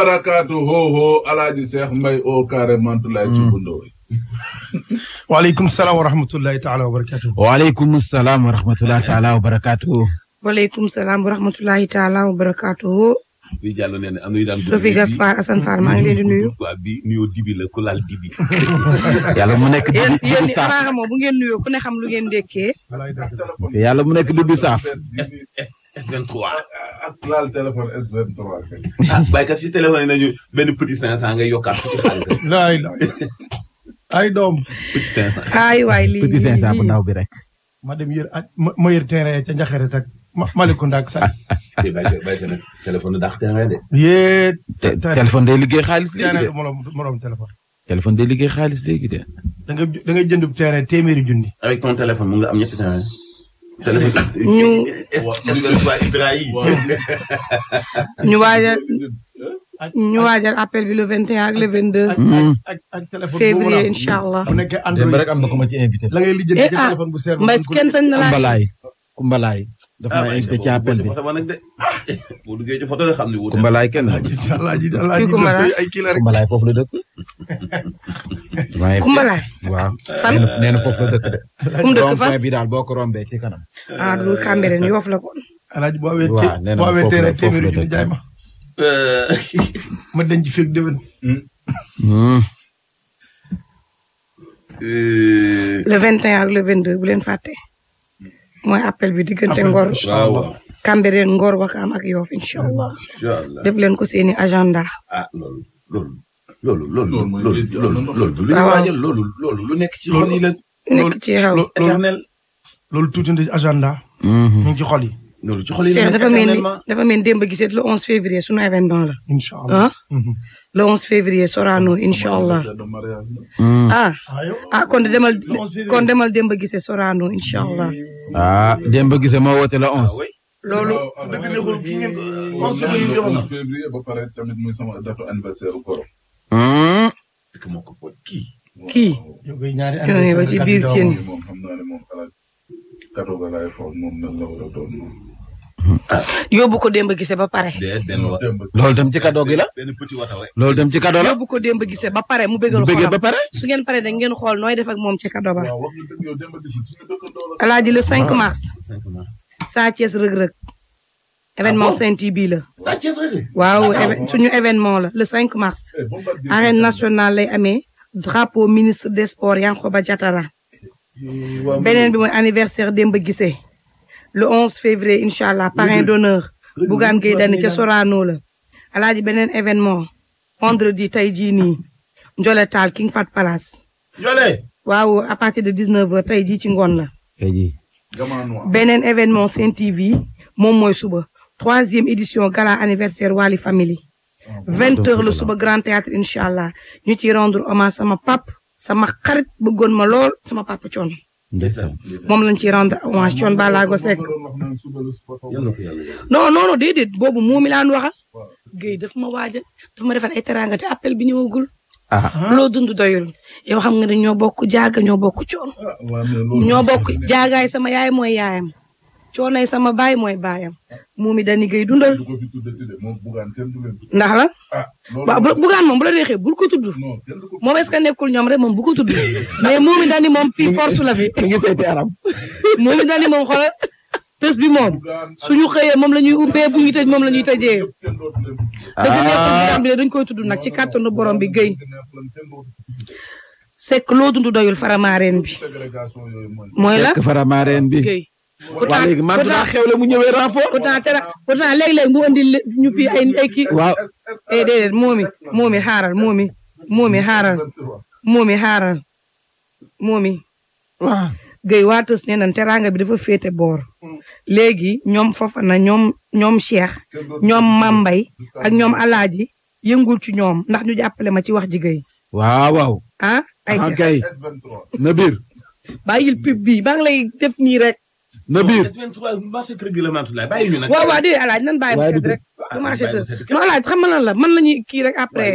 barakaatu hoo hoo alaaji Seex Mbay oo carré Mantoulaye ci hmm. bundooy waaleykum salaam wa rahmatullahi taala wa barakaatu. waaleykum salaam wa rahmatullahi taala wa barakaatu. waaleykum salaam wa rahmatullahi taala wa barakaatu. di jàll nee na am na ñu daan. Gaspar Assane Fall maa ngi leen di nuyu. waa bi nuyoo dibi la ku laal dibi. yàlla mu nekk dibi mu nekk dibi S23. ak laal ah, baykat si téléphone yi nañu benn petit 500 ngay yokkaat ci xaalis rek. ay doom. petit ay waay lii petit 500 bu bi rek. ma dem yër ak ah, ma ma yër terrain ca Njaxare ak Malicounda ak sax. eh bàyyi sa bàyyi sa nag daax terrain de. yee. téléphone day liggéey xaalis léegi de. morom morom téléphone. liggéey xaalis léegi de. da nga da nga jënd terrain téeméeri junni. avec ton téléphone mu nga am ñetti terrain. te dafa tàkk ñu ñu waajal ñu waajal appel bi le 21 ak le 22. ak ak téléphone février incha allah. bu nekkee am na ku ma ci la ngay lijjanti eh, ah, téléphone bu seer. mbay kenn sañ na laay dafa maa invité ci appel bi boo duggee ci photo xam ne wuute kumbalaay kenn ay kii la rek kumbalaay foofu la dëkk. kumbalaay. waaw nee na foofu la dëkk de. fu mu dëkk fan bi daal boo ko rombee ci kanam. ah du Cambérène Yoff la kon. alaaji boo awee boo awee téere téeméeri junni jaay ma. ma denc fekk déwén. Hmm. Hmm. le 21 ak le 22 bu leen fàtte. mooy appel bi diggante Ngor. waaw Cambérène Ngor Wakaam ak Yoff incha allah. incha allah def leen ko seeni agenda. ah loolu loolu. loolu loolu loolu loolu lu ñu ah, waajal loolu loolu lu nekk ci xol yi la. nekk ci xew éternel. loolu tuuti na agenda. Mhm. mu ngi ci xol yi. loolu dafa mel ni dafa mel ni démb gisee le 11 février sunu événement la. incha allah ah? mm-hmm. le 11 février Sorano incha allah. ah ah, ah kon demal kon demal démb Sorano incha allah. ah démb gisee moo woote le 11. Ah, loolu dëgg neexul ki ngeen ko 11 euh, février jox na. ba pare tamit muy sama date anniversaire korom. Hmm. yóbbu ko démb gise ba pare. loolu dem ci cadeau gi la. loolu dem ci la. yóbbu ko démb gise ba pare mu bëggal xolam ba pare. su ngeen pare da ngeen xool nooy def ak moom ci cadeau le 5 ah. mars. Sa Thiès Reug Reug. événement Sen ah TV la. Sa ah, suñu événement la le cinq mars. Eh, arène nationale lay amee. drapeau ministre des sports Yankhoba Diattara. Eh, beneen bi mooy anniversaire démb gise le 11 février incha allah parrain d'honneur Bougane Gueye Dany ca Sorano la alaaji beneen événement vendredi tey jii nii Ndiolé Tall King Fat Palace Ndiolé waaw à partir de 19 heures tey jii ci ngoon la beneen événement Sen TV moom mooy suba troisième édition gala anniversaire Wali Family ah, vingt heures le suba grand théâtre incha allah ñu ciy rendre hommage sama pap sama xarit bëggoon ma lool sama pap coon moom la ci rendre hommage Thione Ballago Seck non non non déedéet boobu moo mi laan waxal Guèye daf ma waajal daf ma defal ay teraanga bi ñëwagul ah. Ah. loo dund doyul yow xam nga ne ñoo bokk jaaga ñoo bokk coon ah, ñoo bokk jaagaay sama yaay mooy yaayam coonay sama baay mooy baayam moom it dañu koy dundal. ndax la. waaw ah, bugaan moom bu la neexee bul ko tudd. moom est ce que nekkul ñoom rek moom bu ko tudd. mais moom it dañu moom fii force la fi. mu ngi féete moom it dañu bi moom suñu xëyee moom la ñuy ubbee bu ñu tëj moom la ñuy tëjee. dëgg nekkul bugaan bi de koy tudd nag ci kàttanu borom bi gëy. sekk loo dund doyul faramaareen bi. mooy la waaw léegi man dinaa xewle mu ñëwee renfort. pourtant te pourtant léeg-léeg mu andi ñu fi ay ay kii. waaw. eh déedéet moomi moomi xaaral moomi moomi xaaral moomi xaaral moomi. waaw Guèye waa Teuss bi dafa féete boor. léegi ñoom Fofana ñoom ñoom Cheikh ñoom Mambay ak ñoom Alaaji yëngul ci ñoom ndax ñu jàppale ma ci wax jigey Guèye. waaw waaw. ah. ay ca Nabiir. bàyyil def nii rek. na biir marché kër gi la Mantoulaye bàyyi ñu nag. alaaj nan bàyyi mu sedd alaaj xam nga lan la man la kii rek après.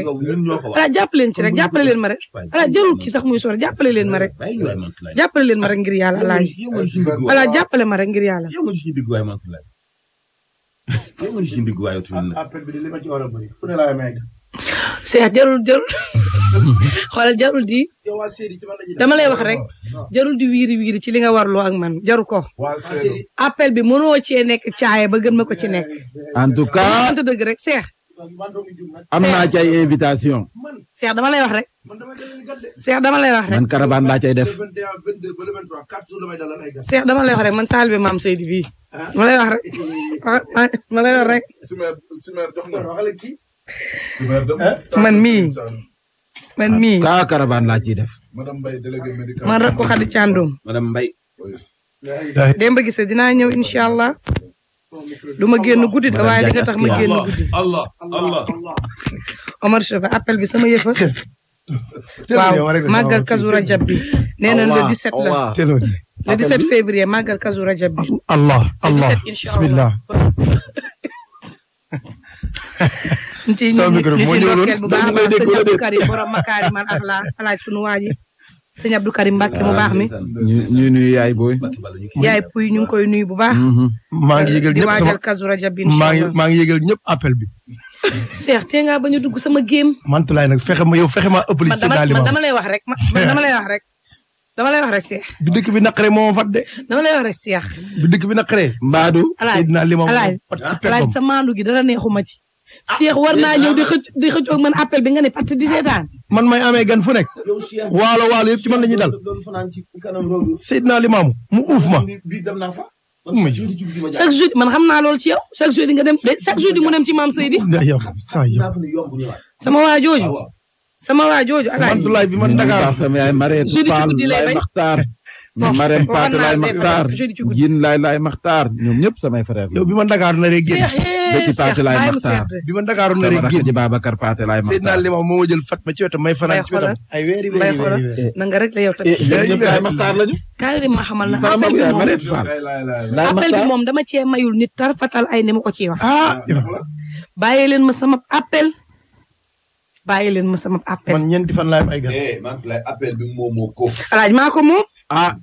alaaj jàppale leen ci rek jàppale leen ma rek. alaaj jarul kii sax muy sore jàppale leen ma rek. jàppale leen ma rek ngir yàlla alaaj. alaaj jàppale ma ma ci war a bëri fu ne Cheikh jarul jarul xoolal jarul di dama lay wax rek jarul di wiiri wiiri ci li nga warloo ak man jaru ko. appel bi mënoo cee nekk caaye ba gën ma ko ci nekk. en tout cas mënta dëgg rek Cheikh. am naa ci ay invitation. Cheikh dama lay wax rek. Cheikh dama lay wax rek. man caravane laa cay def. seex dama lay wax rek man taalibe maam Seydi bii. Ah. ma lay wax rek ma wax rek. man mii man mii. kaa caravane laa ciy def. man rakku Khady Thiandoum. madame Mbaye. démb gise dinaa ñëw incha allah. du ma génn guddi de waaye li nga tax ma génn guddi. allah allah Omar Cheikh appel bi sama yëfa. waaw màggal kazu rajab bi nee na le 17 la le 17 février màggal kazu rajab bi. allah allah bismillah sama micro bi moo ñëwul woon dañu man la alaaj sunu waa ji sëñ Abdou Karim Mbacke mu baax mi. ñu nuyu yaay booy. yaay puy ñu ngi koy nuyu bu baax. Mm-hmm. maa ngi yëgal ñëpp sama di waajal kazu bi maa ngi maa ngi yëgal ñëpp appel bi. Cheikh tee ngaa a dugg sama géem. mantulaay nag fexe ma yow fexe maa ëpp li si daal man dama lay wax rek man dama lay wax rek. dama lay wax rek Cheikh. bi dëkk bi naqaree moo ma fat de. dama lay wax rek Cheikh. bi dëkk bi naqaree. mbaadu. alaay alaay alaay sa maandu gi dara neexuma ci. Ah, Cheikh war naa ñëw di xëcc di man appel bi nga ne di seetaan. man may amee gan fu waalo waalo yëpp ci man la ñuy dal. Seydina Limaamu mu uuf ma. chaque man xam naa loolu ci yow chaque jour mu dem ci maam Seydi. sama waa jooju. Ah, sama waa jooju. alaay bi man Maxtaar Oh, Marème Paate Laay Maxtaar Jin Laay Laay samay frère yow bi ma Ndakaaru na rek génn Béti Paate Laay bi ma Ndakaaru na rek génn Babacar Paate Laay ma jël Fatma ci wetam may fanaan ci wetam ay weeri weeri weeri na nga rek eh, ma xamal na appel bi moom appel bi dama cee mayul nit tar fatal ay ne ma ko ciy wax ah, ah bàyyi leen ma sama appel bàyyi leen ma sama appel ma ñeenti fan laay am ay gan eh man lay appel bi ko alaaj maa moom ah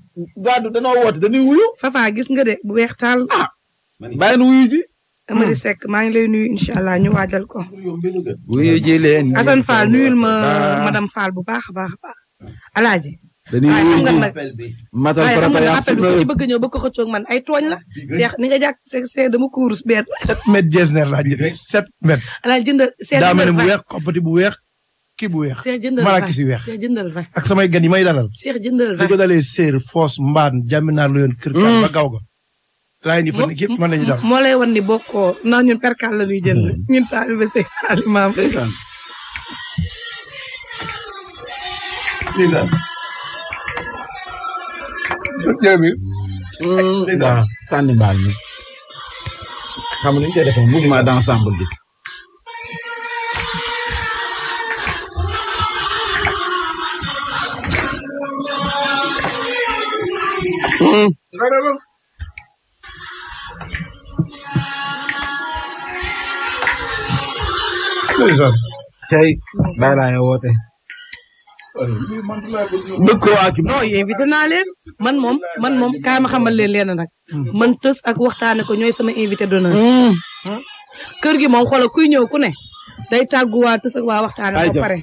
gàddu danoo woote dañuy wuyu. Fafa gis nga de bu weex taal. ah bàyyi nu wuyu ji. Amady Seck maa ngi lay nuyu incha allah ñu waajal ko. wuyu ji leen. Assane Fall nuyul ma madame Fall bu baax a baax a baax. alaaji. dañuy wuyu ji yaa appel bi ku ci bëgg a ñëw ba man ay tooñ la. seex ni nga jàkk seex dama kuurus benn. 7 mètres jeesner laa jënd 7 mètres. alaaji jëndal seet daa mel ni bu weex xoppati bu weex. kii bu weex. malaaki si weex ak sama gan yi may dalal. Cheikh jëndal dañ ko dalee foos mbaan jàmmi naa lu yoon kër ba mm. gaw ga. laay ni fan yëpp moo lay wan ni bokkoo non ñun perkal la ñuy jënd. Mm. ñun taalibe Seex Alimaam. ndeysaan. jërëjëf. Mm. ndeysaan sànni mbaal mi. xam nga ni ñu koy No, no, no. tey bàyyi laa yow woote. dëkk waa naa leen man moom man moom kaa ma xamal leen leen nag. man tës ak waxtaane ko ñooy sama invité d'honneur. Mm. kër gi moom xoolal kuy ñëw ku ne day tàggu waa tës ak waa waxtaane. ba pare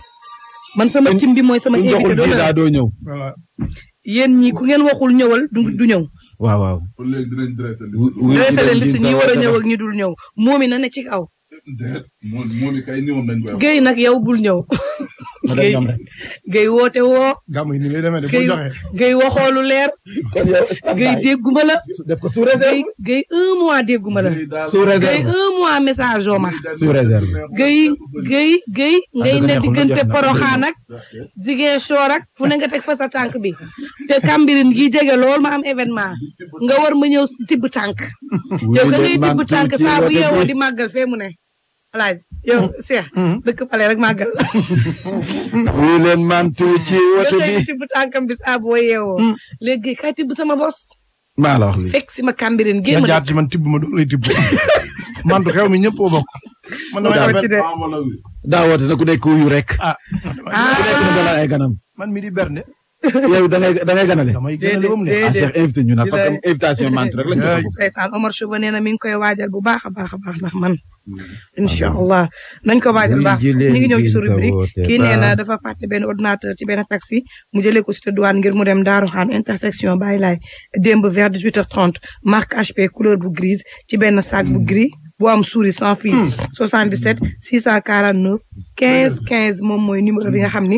man sama cim bi mooy sama invité d'honneur. doo ñëw. yéen ñi ku ngeen waxul ñëwal du mm. du ñëw. waaw waaw. kon ñi war a ñëw ak ñi dul na ne ci kaw. déet moom moomi kay nag yow bul ñëw. Guèye Guèye woote woo. gàmm yi ni muy demee de bu joxe Guèye waxoo lu leer. kon yow Guèye dégguma la. def ko sous réserve Guèye un mois dégguma la. sous réserve Guèye un mois message oo ma. sous réserve Guèye Guèye Guèye ngay ne ak fu ne nga teg fa sa tànk bi te Cambérène gi jege lool ma am événement nga war ma ñëw tibb tànk. yow ka ngay tibb tànk di màggal fee mu ne. Alaaji yow mm-hmm. Cheikh. Mm-hmm. dëkk Palais rek màggal la. wuyu mantu ci woto bi yow tibb tànkam bis à boo yeewoo. Mm. léegi kay tibb sama bos. maa la wax lii fekk si ma Cambérène génn ma nga jaar ci ma a bokk. man damay daa woote na ku wuyu rek. ah ku nekk na man mi di yow da ngay da ngay ganale. déedéet ah, Cheikh invité ñu naan parce que invitation mantu rek lañ ko. ndeysaan Omar Chouba nee na mi ngi koy waajal bu baax a baax a baax ndax man. Hmm. incha ah, allah nañ ko waajal baax ñu ngi ñëw ci sa rubrique kii nee na dafa fàtte benn ordinateur ci benn taxi mu jëlee ko cité douane ngir mu dem Daaru Xaam intersection Baye Laay démb vers 18h30 marque HP couleur bu grise ci benn sac bu hmm. gris. bu am souris sans fil. 77 649 15 15 moom mooy numéro bi nga xam ni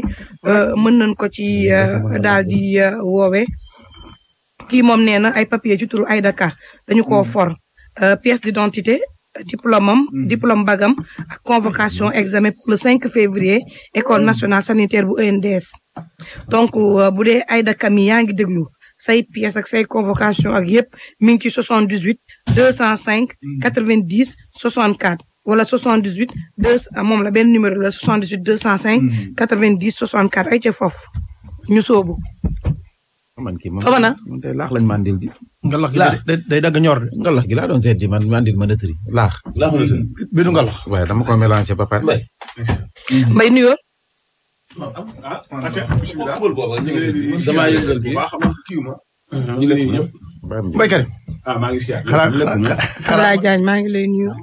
euh, mën nañ ko ci euh, daal di euh, woowee. kii moom nee na ay papier ci turu ay Dakar dañu koo hmm. for pièce d'identité diplôme am hmm. diplôme bagam ak convocation hmm. examen pour le 5 février école nationale sanitaire bu ENDS donc bu dee ay Dakar mi yaa ngi déglu. say pièces ak say convocation ak yëpp mi ngi ci 78 205 90 64 wala 78 2 ah, moom la benn numéro la 78 205 90 64 ay ca foofu ñu soobu. Oh, man kii moom man tey laax lañ mandil di. nga lax gi day day dagg ñor de. lax gi laa doon seet mandil ma nëtëri laax. laax ma nëtëri bi du ngalax. waaye dama ko mélangé ba pare. mbay nuyoo. ah bisimilah damaa yëngal bi waaw xam nga kii ma. ñu ngi nuyu ñëpp. Mbaye Karim. ah maa ngi siyaar. xalaat xalaat maa ngi lay nuyu. Ah,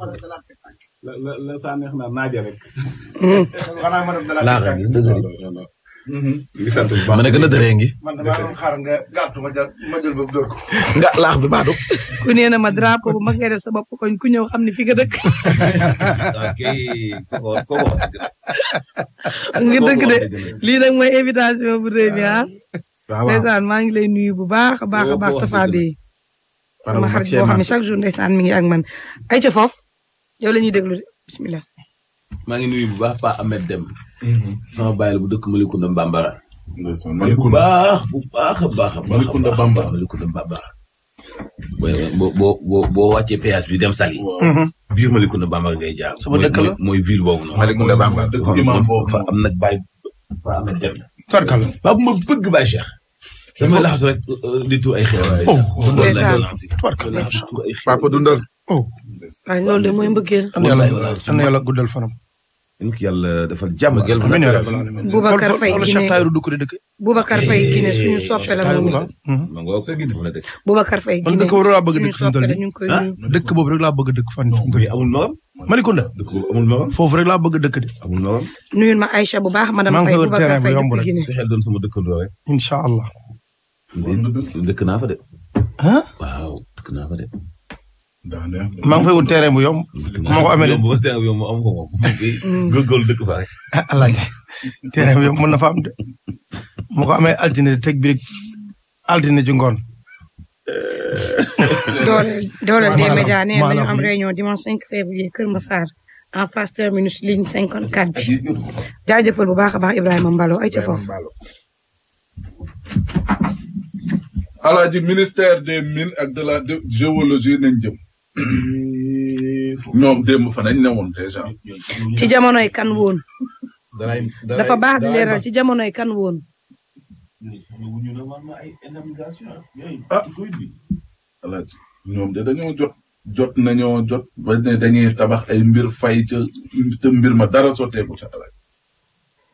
la la la saa neex na naaja rek. xanaa ma def dalaat Mhm. ñu ngi sant bu baax a a man damaa doon xaar nga ma jël ma jël boobu laax bi baadu. ku nee na ma drapeau bu mag ngay def sa bopp koñ ku ñëw xam ne fi nga dëkk. ok dëkk de lii nag mooy invitation bu rëy ah. ah waaw ndeysaan maa ngi lay nuyu bu baax a baax a baax Tafa sama xarit boo xam chaque jour ndeysaan mi ngi ak man. ay ca foofu la ñuy déglu de bisimilah. maa ngi nuyu bu baax Pa Mhm. sama bàyyi la bu dëkk Malicounda Bambara. bu baax bu baax a baax a baax Malicounda Bambara Malicounda Bambara. boo boo boo boo wàccee péage bi dem Saly. Mhm. biir Malicounda Bambara ngay jaar. sama dëkk la mooy ville boobu noonu. Malicounda Bambara dëkk bi ma foofu fa am nag bàyyi. waaw am na jëm. tarkal ba ma bëgg Baye Cheikh. dama laxas rek di tuur ay xeewaay. dundal papa dundal. waaw loolu de mooy mbëggeel. am na yàlla guddal fanam. ñu ngi yàlla defal jàmm. amiin yaa rabbal aalamiin Boubacar Faye Guinée Boubacar Faye Guinée suñu soppe la moom it. ma nga wax sa Guinée la dëkk. Boubacar Faye Guinée suñu soppe la ñu ngi koy ah, nuyu. dëkk boobu rek laa bëgg a dëkk fan. amul magam. Malicounda dëkk boobu amul magam. foofu rek laa bëgg a dëkk de. amul magam. nuyul ma Aïcha bu baax madame Faye Boubacar Faye dëkk Guinée. xel doon sama dëkkandoo rek. incha allah. dëkk naa fa de. waaw dëkk naa fa de. maa ngi fay wut terrain bu yomb. maa ko amee bu terrain bu yomb am ko moom. góorgóorlu dëkk fa rek. Ah, alaaji terrain bu yomb mën am de. dimanche 5 Kër Massar en face terminus ligne 54 bi. jaajëfal bu baax a baax Ibrahima Mballo ay ñoom démb fa nañ ne woon ci jamonoy kan woon. dafa baax di leeral ci jamonoy kan woon. ah ñoom de dañoo jot jot nañoo jot ba ne dañuy tabax ay mbir fay ca te mbir ma dara sotteeku ca alaaji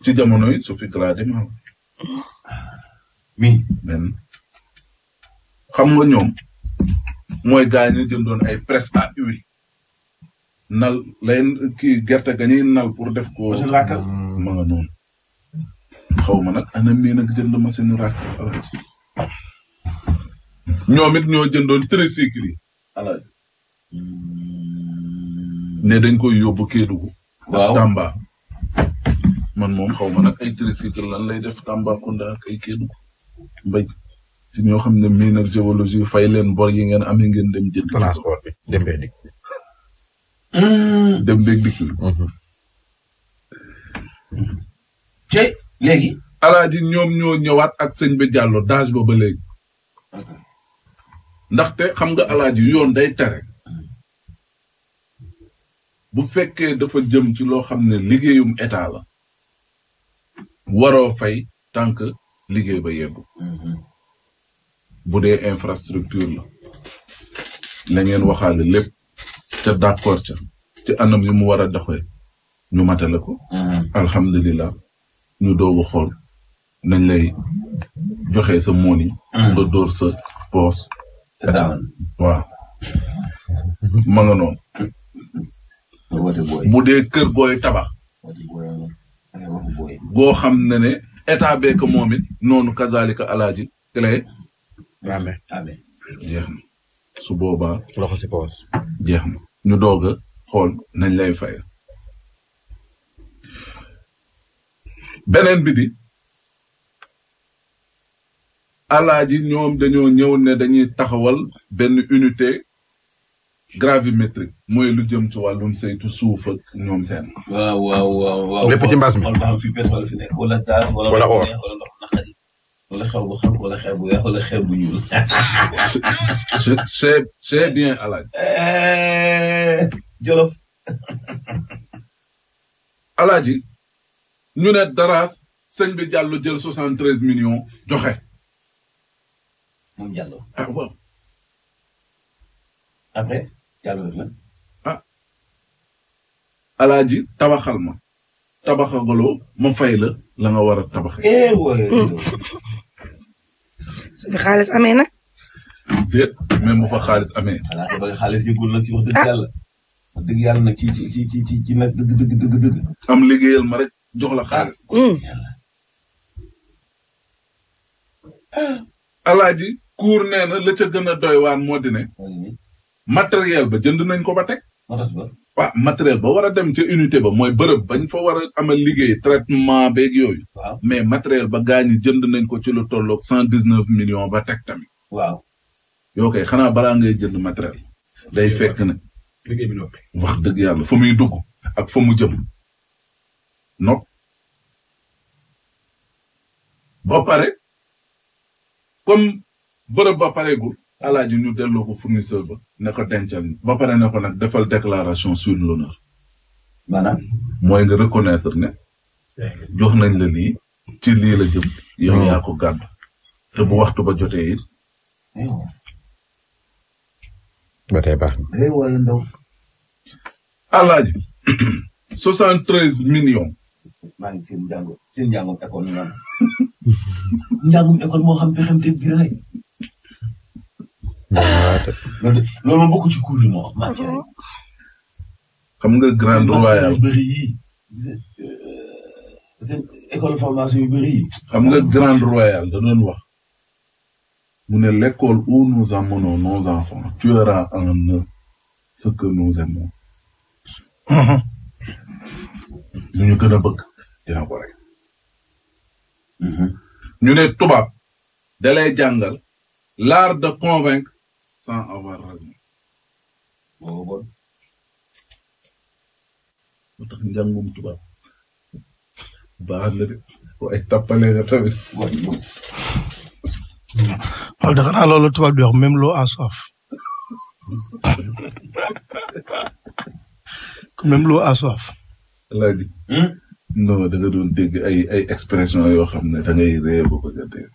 ci jamonoy su fi glaadi ma mi men xam nga ñoom. mooy gars yi jëndoon ay presse à huile nal lay kii gerte ga ñuy nal pour def ko. machine laakal ma ma nag ana mii nag jënd machine nu ñoomit ñoo jëndoon tricycle yi alaaji ne dañ koy yóbbu Kédougou. waaw man moom xaw ma nag ay tricycle lan lay def Tambacounda ak ay Kédougou mbay. ci ñoo xam ne mine ak géologie fay leen bor yi ngeen am amee ngeen dem jënd. transport bi dem beeg dikk. Hmm. dem beeg dikk. te mhm. ñoom ñoo ñëwaat ak sëñ bi Diallo daaj ba ba léegi. ndaxte xam nga yu yoon day tere. bu fekkee dafa jëm ci loo xam ne liggéeyum état la. waroo fay tant liggéey ba yeggu. Mhm. bu dee infrastructure la la ngeen waxaale lépp te d'accord ca ci anam yi mu war a doxee ñu matale ko. Mm-hmm. alhamdulilah ñu doog a xool nañ lay joxe sa moon yi. Mm-hmm. nga dóor sa poos. te daal bu dee kër gooy tabax. goo xam ne ne état beeg moom noonu kazaalika alaaji clé amiin amiin jeex na su boobaa. loxo si poos. jeex na ñu doog xool nañ lay fay. beneen bi di alaaji ñoom dañoo ñëw ne dañuy taxawal benn unité gravimétrique mooy lu jëm ci wàllum saytu suuf ak ñoom seen. waaw waaw waaw. lépp ci mbaas mi. wala fi wala xew bu xam wala xew bu weex wala xew bu ñuul. c'est c'est c'est bien alaaj. Eh, jolof. alaaji ñu ne daraas sëñ bi Diallo jël soixante treize millions joxe. moom Diallo. ah waaw. après Diallo la. Ah. alaaji tabaxal ma. tabaxagaloo ma fay la nga war a tabaxee. eh fi xaalis amee nag. déet même fa xaalis amee. xaalis yëgul nag ci wax dëgg yàlla. wax dëgg yàlla nag ci ci ci ci ci ci nag dëgg dëgg dëgg dëgg. am liggéeyal ma rek jox la xaalis. alaaji kuur nee na la gën a doy waan moo di ne. matériel ba jënd nañ ko ba teg. waaw matériel ba war a dem ca unité ba mooy bërëb bañ fa war a amal liggéey traitement beeg yooyu. waaw mais matériel ba ñi jënd nañ ko ci lu tolloog cent dix neuf millions ba teg tamit. waaw yoo kay xanaa balaa ngay jënd matériel. day fekk ne. liggéey wax dëgg yàlla fo muy dugg ak fo mu jëm nopp ba pare comme bërëb ba pareegul. alaaji ñu delloo ko fournisseur ba ne ko dencal ba pare ne ko nag defal déclaration sur l'honneur maanaam mooy nga reconnaître ne jox nañ la lii ci lii la jëm yow yaa ko gàddu te bu waxtu ba jotee it ba tey baax na alaaji soixante treize millions maa ngi seen njàngo seen njàngum école moo xam pexem te biray loolu loolu bokk ci cours ah xam nga grand royal bëri yi euh, seen école formation yu bëri xam nga grand royal da doon wax mu ne l'école où nous amenons nos enfants tuera en eux ce que nous aimons lu ñu gën a bëgg dina ko rek mhm. ñu ne tubaab da lay de convaincre sans avoir raison. moo bon. moo tax njàngum tubaab baax la de waaye tàppale nga tamit. xool dafa naa loolu tubaab di wax même l'eau en soif même l'eau en soif. laaj. Hmm? da doon dégg ay ay expression yoo xam ne da ngay ree ba ko jotee.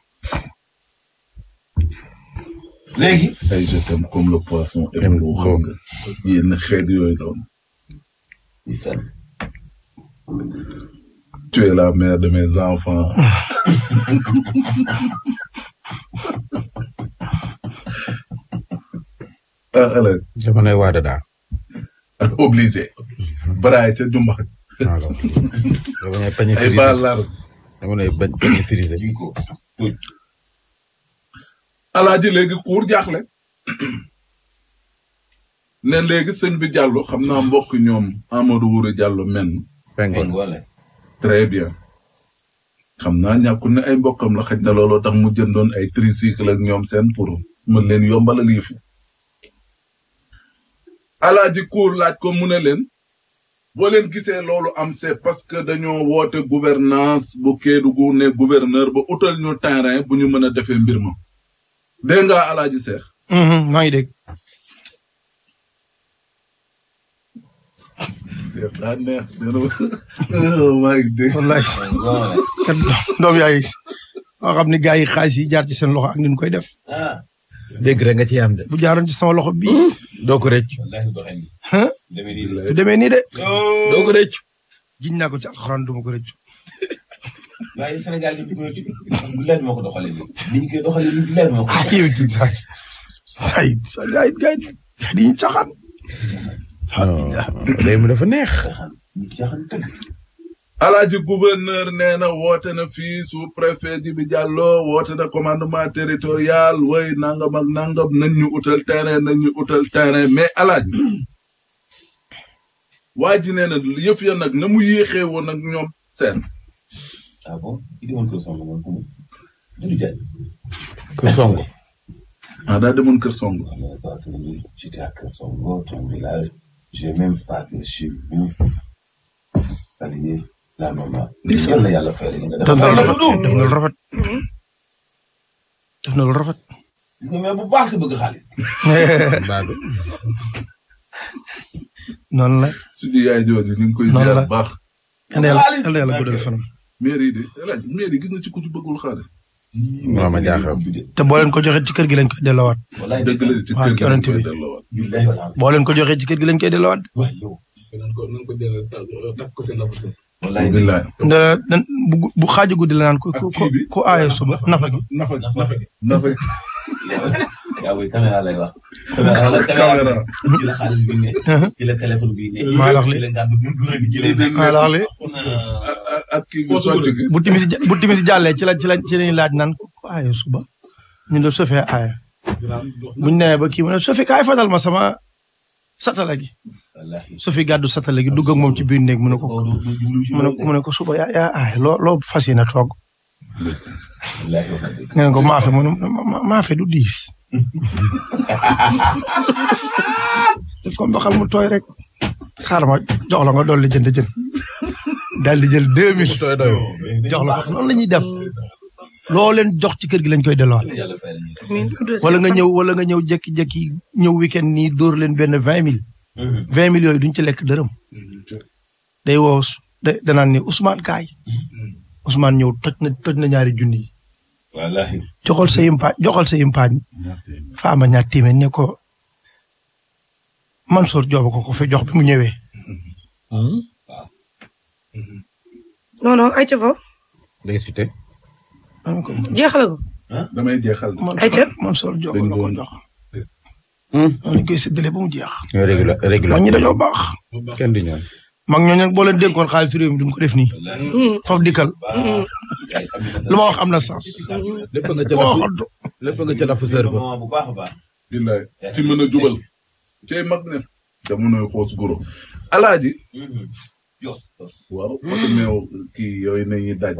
léegi. ay je le poisson aime l'eau xam xeet yooyu doon. tu es la mère de mes enfants. ah alal. jamonoy waada daal. obligé. baraay te du mbax. ay baal laal. jamonoy alaaji léegi kuur jaaxle ne léegi sëñ bi Diallo xam naa mbokk ñoom Amadou Wure Diallo men très bien xam naa ñàkkul ne ay mbokkam la xaj na looloo tax mu jëndoon ay tricycle ak ñoom seen pour mën leen a yi fi alaaji kuur laaj ko mu ne leen boo leen gisee loolu am c'est parce que dañoo woote gouvernance bu Kédougou ne gouverneur ba utal ñu terrain bu ñu mën a defee mbir ma dégg nga Alaaji Seex. Mm-hmm, maa ngi dégg. Seex daa oh, yi xaalis yi jaar ci seen loxo ak ni koy def. Ah. dégg rek nga ci am de. bu jaaroon ci sama loxo bii. doo ko de. Oh. doo ko naa ko ci alxuraan du ma waaye senegal yi ñu koy bu leer moo ko doxalee nii. ni ñu koy doxalee nii bu leer moo ko. ah yow it di ñu caaxaan. Ah, day ah, dafa neex. alaaji gouverneur nee na woote na fii sous préfet Djibi Diallo woote na commandement territorial way nangam ak nangam nañ ñu utal terrain nañ ñu utal terrain mais alaaji waa ji nee na yëf ya ñoom seen ah bon idi woon kër Songo moom ku mu Doudou Diagne. kër Songo. ah daa demoon kër Songo. Ah, mais ça c'est lui j'étais à kër Songo ton village j'ai même passé chez vous saluer la maman. yal na yàlla fayal nga def. def na lu rafet def na lu rafet. mais bu baax bëgg xaalis. noonu la. suñu yaay jooju ñu ngi koy ziar bu baax. noonu la yàlla yàlla guddal fanam. maire yi de laaj maire yi gis na ci ku ci bëggul xaalis. waaw ma jaaxal te boo leen ko joxe ci kër gi lañ koy delloowaat. dëgg la ci kër gi lañ koy delloowaat. boo leen ko joxee ci kër gi lañ koy delloowaat. da bu bu xaaju guddi la naan ko ko ko aaye suba nafa gi nafa gi nafa gi yaa booy caméra lay wax. caméra ci la xaalis bi ne. ci la téléphone bi ne. maa la wax li maa la wax li. ne sofee aaye. buñ nee fatal ma sama satala gi. sofi gàddu satala gi dugg ak moom ci biir néeg mu ne ko. mu suba yaa yaa aaye loo loo fas toog. nga ne maafe maafe du diis. comme ba xam mu tooy rek xaaral ma jox la nga doon li jënd jënd daal di jël deux mille jox la noonu la def loo leen jox ci kër gi lañ koy delluwaat wala nga ñëw wala nga ñëw jékki-jékki ñëw weekend nii dóor leen benn vingt mille vingt mille yooyu duñ ci lekk dërëm day woo da danaan ni Ousmane kaay mm-hmm. Ousmane ñëw toj na toj na ñaari junni yi wallaahi joxal sa impaañ joxal sa impaañ. faama ñaar téeméer ne ko Mansour Diop ko ko fi jox bi mu ñëwee. non non ayca foofu. day cité. Ah, jeexal ko. Ah, damay jeexal. ayca Mansour Diop la ko noonu hmm? ñu koy séddale mu jeex. régula régula ñi dañoo baax. mag ñooñu nag boo leen xaalis réew mi duñ ko def nii. foofu dikkal. lu ma wax am na sens. lépp nga ca lafu lépp nga ca lafu sër ba. billaay a jubal. cey mag ne. jamonoy xoos goro. alaaji. yos waaw pot meew kii yooyu nañuy daj.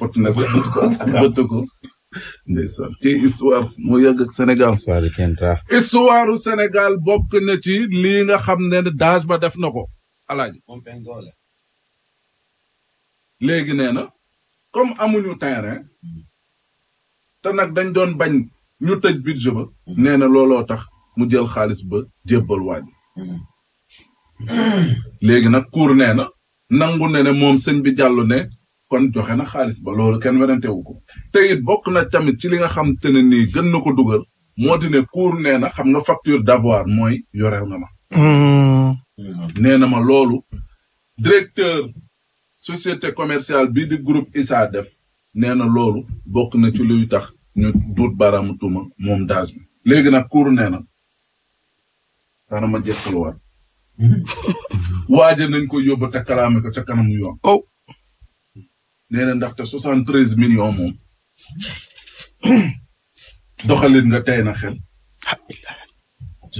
pot na ko bët ko. ndeysaan ci histoire moo yàgg ak Sénégal. histoire Sénégal bokk ci lii na xam ne daas ba def na ko. alaaji léegi nee na comme amuñu terrain te nag dañ doon bañ ñu tëj budget ba mm-hmm. nee na looloo tax mu jël xaalis ba jébbal waa mm-hmm. léegi nag kuur nee na nangu ne ne moom sëñ bi jàllu ne kon joxe na xaalis ba loolu kenn werante wu ko te it bokk na tamit ci li nga xam te ne nii gën na ko dugal moo di ne kuur nee na xam nga facture d'avoir mooy yoreel nga ma mm-hmm. nee na ma loolu directeur société commerciale bii di groupe ISA def nee na loolu bokk na ci luy tax ñu duut baaraamu tuuma moom daas bi léegi nag kuur nee na dana ma jeexaluwaat waaja nañ ko yóbbu te kalaame ko ca kanamu yoon. oh nee na ndaxte soixante treize moom doxalin nga tey na xel.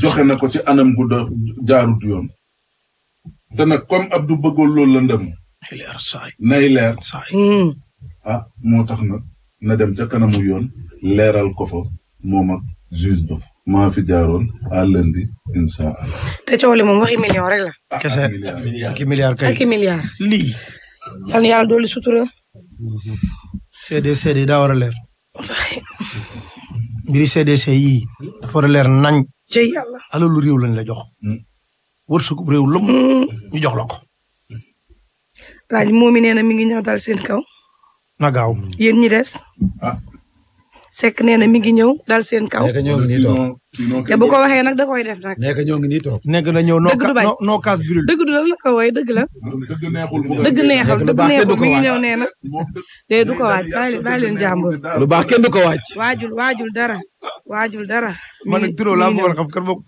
joxe na ko ci anam gu do jaarut yoon. te nag comme du bëggoon loolu la ndëm. nay leer saay nay leer. saay hmm. ah, moo tax nag na dem ca kanamu yoon leeral ko fa moom ak juge ba maa fi jaaroon à lundi incha allah. te coow li moom waxi million rek la. Ah, kese ak i milliard kay ak i milliard. lii. yal na yàlla dolli sutura. CDC yi daa war a leer. wallaahi. mbiri CDC yii dafa war leer nañ. jëy yàlla alalu réew lañ la jox. Hmm. wërsëgu réew lum ñu jox la ko. laaj moomi nee na mi ngi ñëw dal seen kaw. na gaaw yéen ñi des. ah. Seck nee mi ngi ñëw dal seen kaw. nekk ñoo ngi nii toog te bu ko waxee nag da koy def nag. nekk ñoo ngi nii toog. nekk na ñëw noo noo noo kaas bi. dëgg du la la dëgg la. dëgg neexul dëgg neexul mi ngi ñëw nee na. de du ko waaj bàyyi bàyyi leen jàmbur. lu baax kenn du ko waaj. waajul waajul dara. waajul dara. man nag turoo laa bëggoon xam kan moom.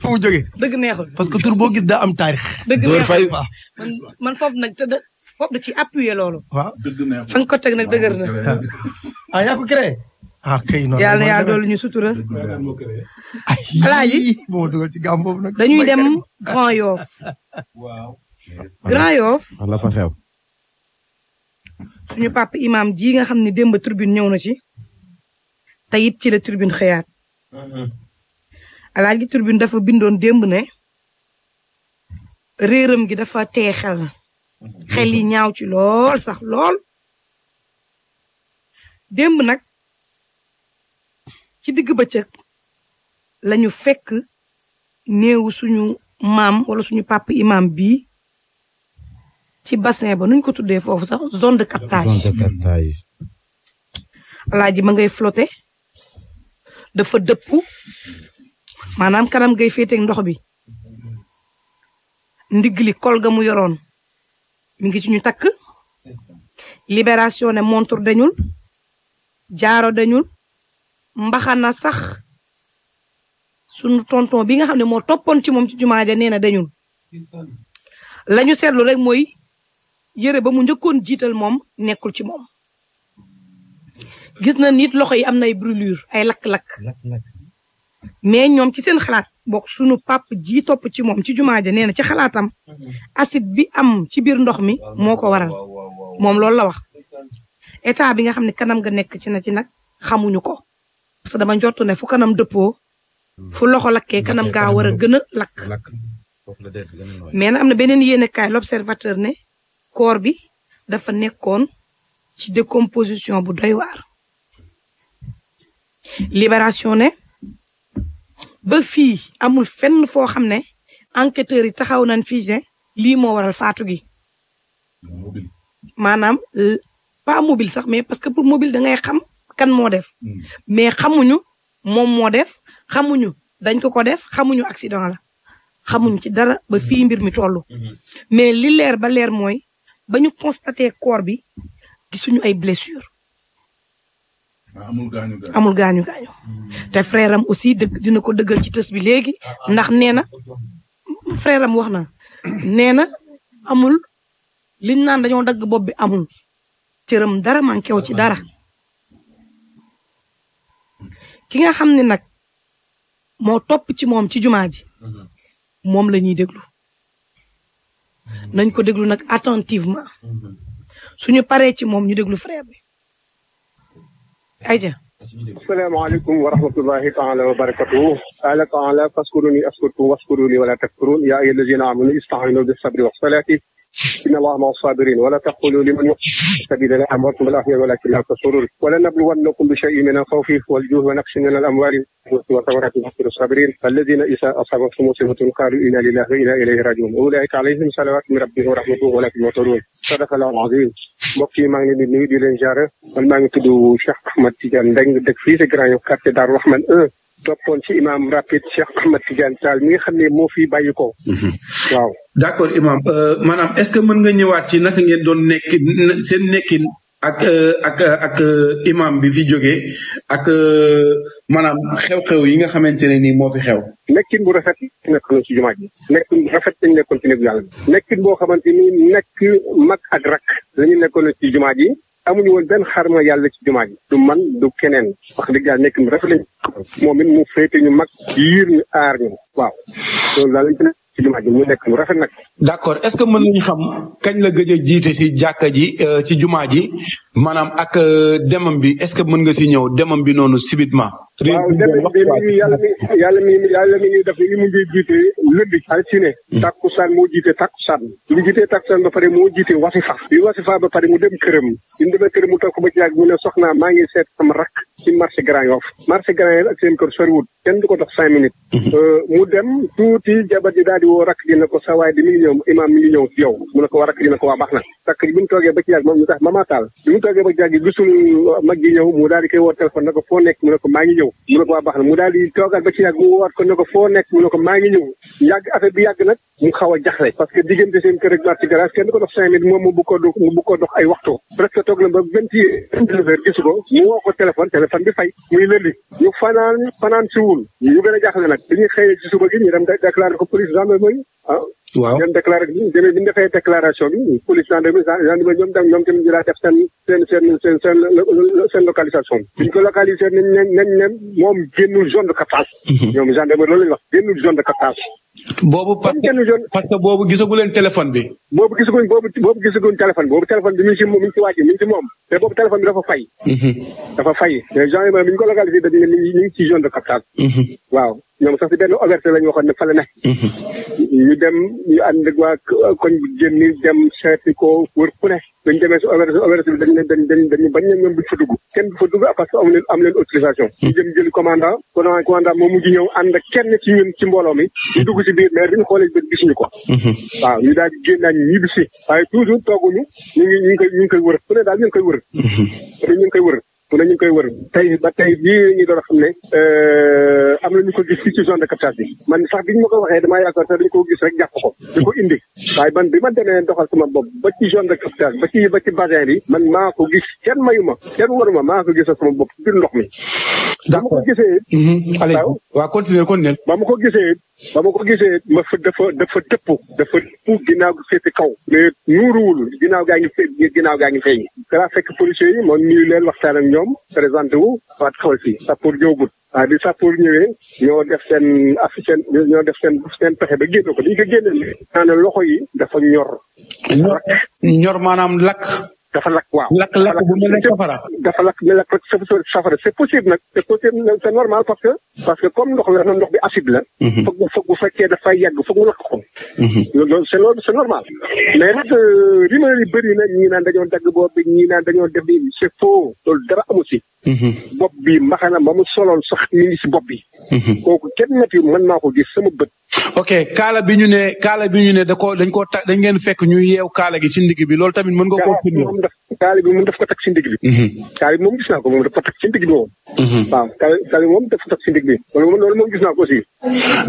fu mu dëgg neexul parce que tur boo gis daa am taarix. dëgg neexul waaw man man foofu nag te foofu da ciy dëgg neexul ko teg nag dëgër na. ah, ah, ah na yàlla doolu ñu sutura. alaaji moo dugal ci gàmm boobu nag. dañuy dem Grand Yoff. Grand Yoff. suñu papa imam ji nga xam ni démb tribune ñëw na ci. te it ci la tribune xëyaat. Mm-hmm. Alaaji Turbine dafa bindoon démb ne réeram gi dafa tee xel xel yi ñaaw ci lool sax lool démb nag ci digg bëccëg lañu fekk néewu suñu maam wala suñu pàpp imam bi ci bassin ba nuñ ko tuddee foofu sax zone de captage alaaji ma ngay flotté dafa dëpp maanaam kanam gay féeteeg ndox bi ndigli kol ga mu yoroon mi ngi ci ñu takk libération ne montre dañul jaaro dañul mbaxana sax sunu tonton bi nga xam ne moo toppoon ci moom ci jumaa ja nee na dañul lañu seetlu rek mooy yëre ba mu njëkkoon jiital moom nekkul ci moom gis na nit loxo yi am nay brûlure ay lakk-lakk mais ñoom ci seen xalaat bokk suñu pap ji topp ci moom ci jumaa ja nee na ci xalaatam acide bi am ci biir ndox mi moo ko waral moom loolu la wax état bi nga xam ne kanam ga nekk ci na ci nag xamuñu ko parce que dama njortu ne fu kanam dëppoo fu loxo lakkee kanam gaa war a gën a lakk mais na am na beneen yéenekaay l'observateur ne koor bi dafa nekkoon ci décomposition bu doy waar libération ne ba fii amul fenn foo xam ne enquêteurs yi taxaw nañ fii ne lii moo waral faatu gi maanaam euh, pas mobile sax mais parce que pour mobile da ngay xam kan moo def hmm. mais xamuñu moom moo def xamuñu dañ ko ko def xamuñu accident la xamuñ ci dara ba fii mbir mi toll hmm. Hmm. mais li leer ba leer mooy ba ñu constaté corps bi gisuñu ay blessure amul gaañu gaañu amul gaañu mm. aussi dëgg dina ko dëggal ci tës bi léegi ah, ah. ndax nee na frère am wax na nee na amul liñ naan dañoo dagg bopp bi amul cëram dara manqué wu ci dara ki nga xam ne nag moo topp ci moom ci jumaa ji mm-hmm. moom la ñuy déglu mm-hmm. nañ ko déglu nag attentivement mm-hmm. suñu paree ci moom ñu déglu frère bi. ayja asalaamaaleykum wa rahmatullahi taala wa barakatuhu qaala taala faskuruni askurkum waskuruni wala takfurun yaa ayyuha allazina amanu istainu bi sabri wa salaati إن الله مع الصابرين ولا تقولوا لمن يقتل سبيل الله أمواتكم بالأحياء ولكن لا تشعرون ولنبلونكم بشيء من الخوف والجوع ونقص من الأموال والثمرات وبشر الصابرين الذين إذا أصابتهم مصيبة قالوا إنا لله وإنا إليه راجعون أولئك عليهم صلوات من ربهم ورحمته ولكن يعترون صدق الله العظيم mbokk yi maa ngi leen di nuyu di leen jaare man maa ngi tudd Cheikh Ahmad Tidiane Ndeng dëkk fii si Grand Yoff quartier Darou Rahmane 1 toppoon ci imam rapide Cheikh Ahmad Tidiane Tall mi nga xam ne moo fi bàyyi ko. Mhm. waaw d' accord imam euh, maanaam est ce que mën nga ñëwaat ci naka ngeen doon nekk seen nekkin ak euh, ak euh, ak imam bi fi jógee ak maanaam xew-xew yi nga xamante ne nii moo fi xew. nekkin bu rafet nekkoon ci jumaa ji rafet dañ nekkoon ci yàlla bi nekkin boo xamante ni nekk mag ak rak la ñu ci jumaat yi amuñu woon benn xarma yàlla ci jumaa ji du man du keneen wax dëgg yàlla nekk mu rafet lañ moom it mu féete ñu mag yiir ñu aar ñu waaw loolu daal lañ ci jumaa ji mu nekk lu rafet nag. d' accord est ce que mën nañu xam kañ la gëj a jiite si jàkka ji euh, ci jumaa ji maanaam ak euh, demam bi est ce que mën nga si ñëw demam bi noonu subitement. waaw demam bi mi yàlla mi yàlla mi yàlla mi ñuy def li mu ngi jiite lundi altine hmm. takkusaan moo jiite takkusaan li jiite takkusaan ba pare moo jiite wasifa bi wasifa ba pare mu dem këram bi mu demee këram mu toog ko ba ci yàgg mu ne soxna maa ngi seet sama rakk ci marché Grand Yoff marché Grand Yoff ak seen kër soriwut kenn du ko dox cinq minutes mhm. euh, mu dem tuuti jabar ji daal di woo rakk ji ne ko sa waay di mi ngi ñëw imaam mi ngi ñëw yow mu ne ko rakk ji ko waa baax na takk bi mu toogee ba ci yàgg moom ñu tax mama taal bi mu toogee ba ci yàgg gisul mag ji ñëw mu daal koy woo téléphone ne ko foo nekk mu ne ko maa ngi ñëw mu ne ko waa baax na mu toogaat ba ci yàgg mu woowaat ko ne foo nekk mu ne ko maa ngi ñëw yàgg affaire bi ñu xaw a jaxle parce que diggante seen kër ak Marché Garage kenn du ko dox cinq minutes moom mu bu ko dox ay waxtu presque toog na ba vingt deux gisu ko mu woo ko téléphone téléphone bi fay muy lëndi ñu fanaan fanaan si wul ñu gën a jaxle nag dañuy xëy ci suba gi ñu dem déclaré ko police gendarmerie ah waaw ngeen déclaré bi ñu defee bi police gendarmerie gendarmerie ñoom tam ñoom tamit def seen seen seen seen seen seen ko localisé nañ ne nañ ne moom génnul zone de captage. loolu la ñu wax génnul zone boobu parce boobu gisagu leen téléphone bi. boobu gisaguñ boobu téléphone bi boobu téléphone bi mi ngi si mi ngi si wàcce mi si moom te boobu téléphone bi dafa fay. dafa fay les gendarmerie bi ñu ko localisé dañ ne ñu ngi ci zone de captage. waaw. ñoom sax si benn overte la ñu waxoon fale na. Mhm. ñu dem ñu ànd waa koñ bi génn dem seeti ko wër ku ne. dañ demee si overte si overte bi dañ ne dañ dañ bañ ne ñoom duñ fa dugg. parce que am leen am leen autorisation. Mhm. ñu dem jëli commandant. commandant commandant moom mujj ñëw ànd kenn ci ñun ci ñu mhm. dugg si biir mais bi xoolee bët gisuñu ko. waaw ñu daal di génn naa ñu ñibbi si. waaye toujours tooguñu ñu ngi ñu ngi koy ñu ngi koy wër ku ne daal ñu ngi koy wër. ñu ngi koy wër. fu ne koy wër tey ba tey bii ñu doon xam ne euh, am na ñu ko gis fii ci zone de captage bi man sax bi ñu ma ko waxee damaa yaakaar sax dañu ko gis rek jàkk ko di ko indi waaye man bi ma demee doxal sama bopp ba ci zone de captage ba ci ba ci bassin bi man maa ko gis kenn mayu ma kenn waruma maa ko gis sama bopp biir ndox mi d' accord d'accord mhm. waaw continuer continuer ba ma ko gisee ba ma ko gisee ma fa dafa dafa dëpp dafa dëpp ginnaaw gi féete kaw mais nuuruwul ginnaaw gaa ngi fee ginnaaw gaa ngi feeñ dara fekk policiers yi man nuyu leen waxtaan ak ñoom présenté wu waat xaw si sappour ñëwgut waaw ah, bi sappour ñëwee ñoo def seen affi seen ñoo def seen seen pexe ba génn ko li ñu ko génnee naa ne loxo yi dafa ñor ñor maanaam lakk dafa lakk waaw. lakk lakk bu mel ne safara. dafa lakk lakk safara c' possible nag c' possible c' est normal parce que. parce que comme ndox la ndox bi acide la. Mhm. foog nga bu fekkee dafay yàgg foog mu lakk ko. Mhm. loolu c' loolu c' normal. mais nag euh, rumeur yi bëri na ñii naan dañoo dagg boobu ñii naan dañoo def lii c' est faux loolu dara amu si. Mhm. bopp bi mbaxana ba mu soloon sax mi ngi si bopp bi. Mhm. kooku kenn nati mën naa ko gis sama bët. ok kaala bi ñu ne kaala bi ñu ne da koo dañ koo ta dañ ngeen fekk ñu yeew kaala gi si ndigg bi loolu tamit mën nga koo. firndeel taali bi moom daf ko takk si ndig bi mhm. taali moom gis naa ko moom daf ko takk si ndig bi moom mhm. waaw taali bi moom daf ko takk si ndig bi moom gis naa ko aussi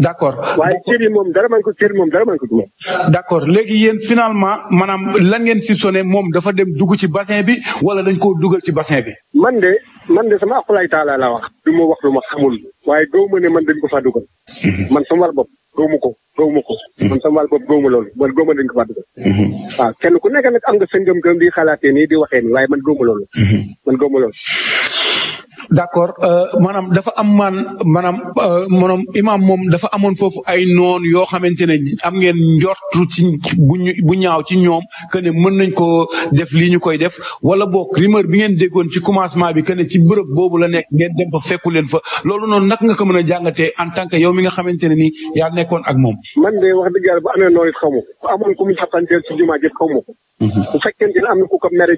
d'accord waaye cër moom dara man ko moom dara ko moom d'accord léegi yéen finalement maanaam lan ngeen si sonné moom dafa dem dugg ci bassin bi wala dañ koo dugal ci bassin bi man de man de sama akulaay taala laa wax du ma wax lu ma xamul waaye doo ma ne man dañ ko faa dugal mhm. man sama war bopp gëwuma ko gëwuma ko hmm. man sama wàll boobu gëwuma loolu man gëwuma dañ ko faa dugal hmm. Hmm. waaw kenn ku nekk nag am nga sa ngëm-ngëm di xalaatee nii di waxee nii waaye man gëwuma loolu man gëwuma loolu d'accord euh, maanaam dafa am man maanaam euh, maanaam imaam moom dafa amoon foofu ay noon yoo xamante ne am ngeen njortu ci bu ñaaw ci ñoom que ne mën nañ ko def lii ñu koy def wala boog rumeur bi ngeen déggoon ci commencement bi que ne ci bërëb boobu la nekk ngeen dem fa leen fa loolu noonu nag nga ko mën a jàngatee en tant yow mi nga xamante ne nii yaa nekkoon ak moom. man de wax dëgg yàlla bu amee noonu it xaw ma mu jàppanteel ci jumaa ji ko. bu mhm. fekkente ne am na ku ko mere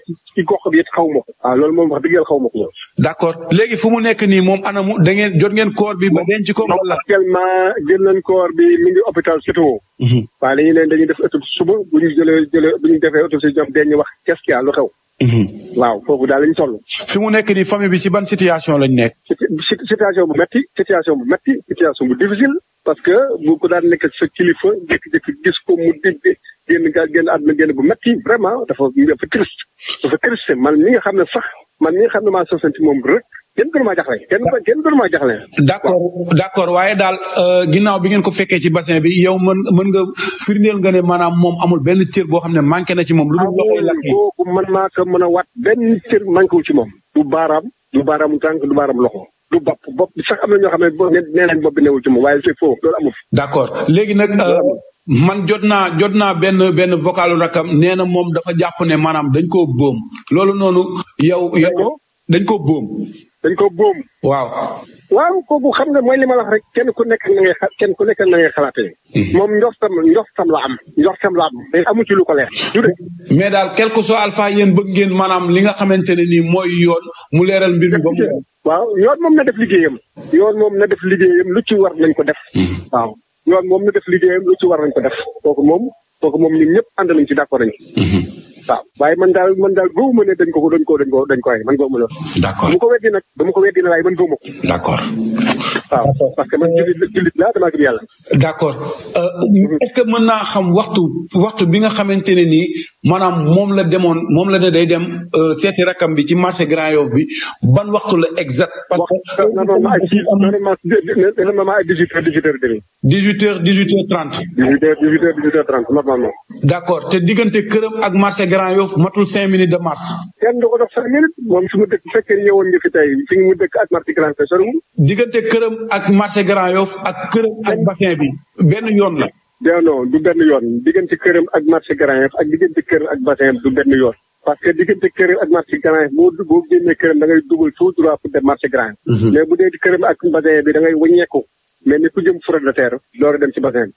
xaw ma ko. moom wax dëgg xaw ma ko. d'accord léegi fu mu nekk nii moom ana da ngeen jot ngeen koor bi ba denc ko. wala actuellement jël nañ koor bi mi ngi hôpital surtout. Mhm. waaye dañuy leen dañuy def autopsie suba bu ñu jëlee jëlee bu ñu defee autopsie ñoom dañuy wax qu'est-ce qu'il y a lu xew. Mhm. waaw foofu daal lañ toll. fi mu nekk nii famille bi si ban situation lañ nekk. situation bu metti situation bu metti situation bu difficile. parce que bu ko daan nekk sa kilifa jékki-jékki gis ko mu dégg génn gaa génn àdduna génn bu metti vraiment dafa dafa triste. dafa triste man sax man mi nga xam ne maa sosanti moom rek. kenn gënu maa jaxle kenn kenn gënu maa jaxle. d'accord d'accord waaye daal euh, ginnaaw bi ngeen ko fekkee ci bassin bi yow mën mën nga firndeel nga ne maanaam moom amul benn cër boo xam ne manqué na ci moom. lu dul loxo la kooku mën naa ko mën a waat benn cër manqué wu ci moom. du baaraam du baaraamu tànk du baaraam loxo. du bopp bopp sax am na ñoo xam ne boo nee nañ bopp bi newul ci moom waaye c'est faux loolu amul. d'accord léegi nag. Euh, man jot naa jot naa benn benn vocalu rakam nee na moom dafa jàpp ne maanaam dañ koo boom loolu noonu yow yow dañ koo boom dañ ko boom. waaw. waaw kooku xam nga mooy li ma la rek kenn ku nekk na ngay kenn ku nekk na ngay xalaatee. Mhm. moom njortam njortam la am njortam la am mais amu ci lu ko leer. mais daal quelque soit alpha yéen bëgg ngeen maanaam li nga xamante ne nii mooy yoon mu leeral mbir mi ba mu. waaw yoon moom na def liggéeyam. yoon moom na def liggéeyam lu ci war nañ ko def. Mhm. waaw yoon moom na def liggéeyam lu ci war nañ ko def kooku moom kooku moom ñun ñëpp ànd nañ ci d'accord nañ mhm. waaw waaye man daal man daal gëwuma ne dañ ko dañ ko dañ ko dañ ko rey man gëwuma loolu. d'accord bu ko weddi nag dama ko weddi na waaye man gëwuma ko. d'accord. waaw parce que man euh, jullit jullit laa damaa gëm yàlla. d'accord euh, est-ce que mën naa xam waxtu waxtu bi nga xamante ne nii maanaam moom la demoon moom la ne day dem euh, seeti rakam bi ci marché Grand Yoff bi ban waxtu la exact. parce que normalement ay dix normalement ay dix huit heures dix huit heures demi. dix huit heures dix huit heures trente. dix huit heures dix huit heures dix huit heures trente normalement. d'accord te diggante këram ak marché Grand Yoff matul cinq minutes de marche. kenn du ko dox cinq minutes moom su ma dëkk bu fekkee yowoon nga fi tey fi mu dëkk ak marché Grand Yoff soriwul. diggante këram ak marché ak këram ak bassin bi benn yoon la. non du benn yoon diggante këram ak marché Grand Yoff ak diggante këram ak bassin du benn yoon. parce que diggante këram ak marché Grand Yoff boo boo génnee këram da ngay dugal tout droit pour dem marché Grand Yoff. Mhm. mais bu dee këram ak bassin bi da ngay wëññeeku. mais ni ku jëm front de terre door a dem ci bassin bi.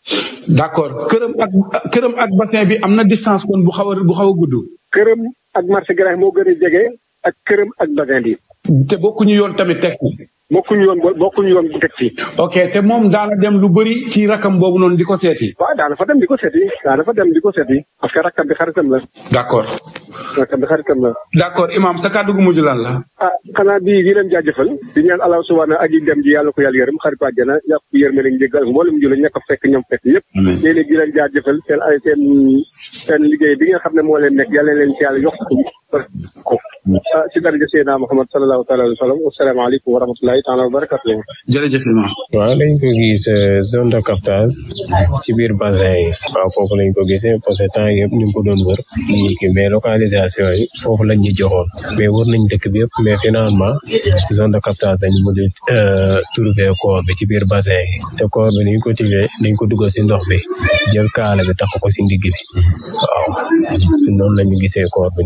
d'accord këram ak këram ak bassin bi am na distance kon bu xaw a bu xaw a gudd. këram ak marché Grand moo gën a jege ak këram ak bassin bi. te bokkuñu yoon tamit teg bokkuñu yoon bokkuñu yoon bu teg fii. ok te moom daana dem lu bëri ci rakkam boobu noonu di ko seeti. waaw daana fa dem di ko seeti daana dem di ko seeti parce que rakkam bi xaritam la. d'accord. rakkam bi xaritam la. d'accord Imaam sa kàddu gu mujj lan la. ah xanaa di di leen jaajëfal di ñaan Allah subhaana aji dem ji yàlla ko yàlla yërëm xarit àjjana yàlla ko yërëm rek njëggal mboolem ju la ñàkk a fekk ñoom fekk yëpp. léeg-léeg di leen jaajëfal seen ay seen liggéey bi nga xam ne moo leen nekk yàlla leen ci yàlla yokk si daraja Seydina Muhammad sallallahu taala alayhi wa sallam assalaamu aleykum wa rahmatullahi taala wa barakatuh jërëjëf Imam waaw lañ ko gis euh, zone de captage ci biir bassin yi waaw foofu lañ ko gisee parce que temps yëpp ñu ngi ko doon wër mais localisation yi foofu lañ ñu joxoon mais wër nañ dëkk bi yëpp mais finalement zone de captage dañu mujj euh, trouver corps bi ci biir bassin yi te corps bi niñ ko tiwee dañ ko dugal si ndox bi jël kaala bi takk ko si ndigg bi waaw noonu lañu bi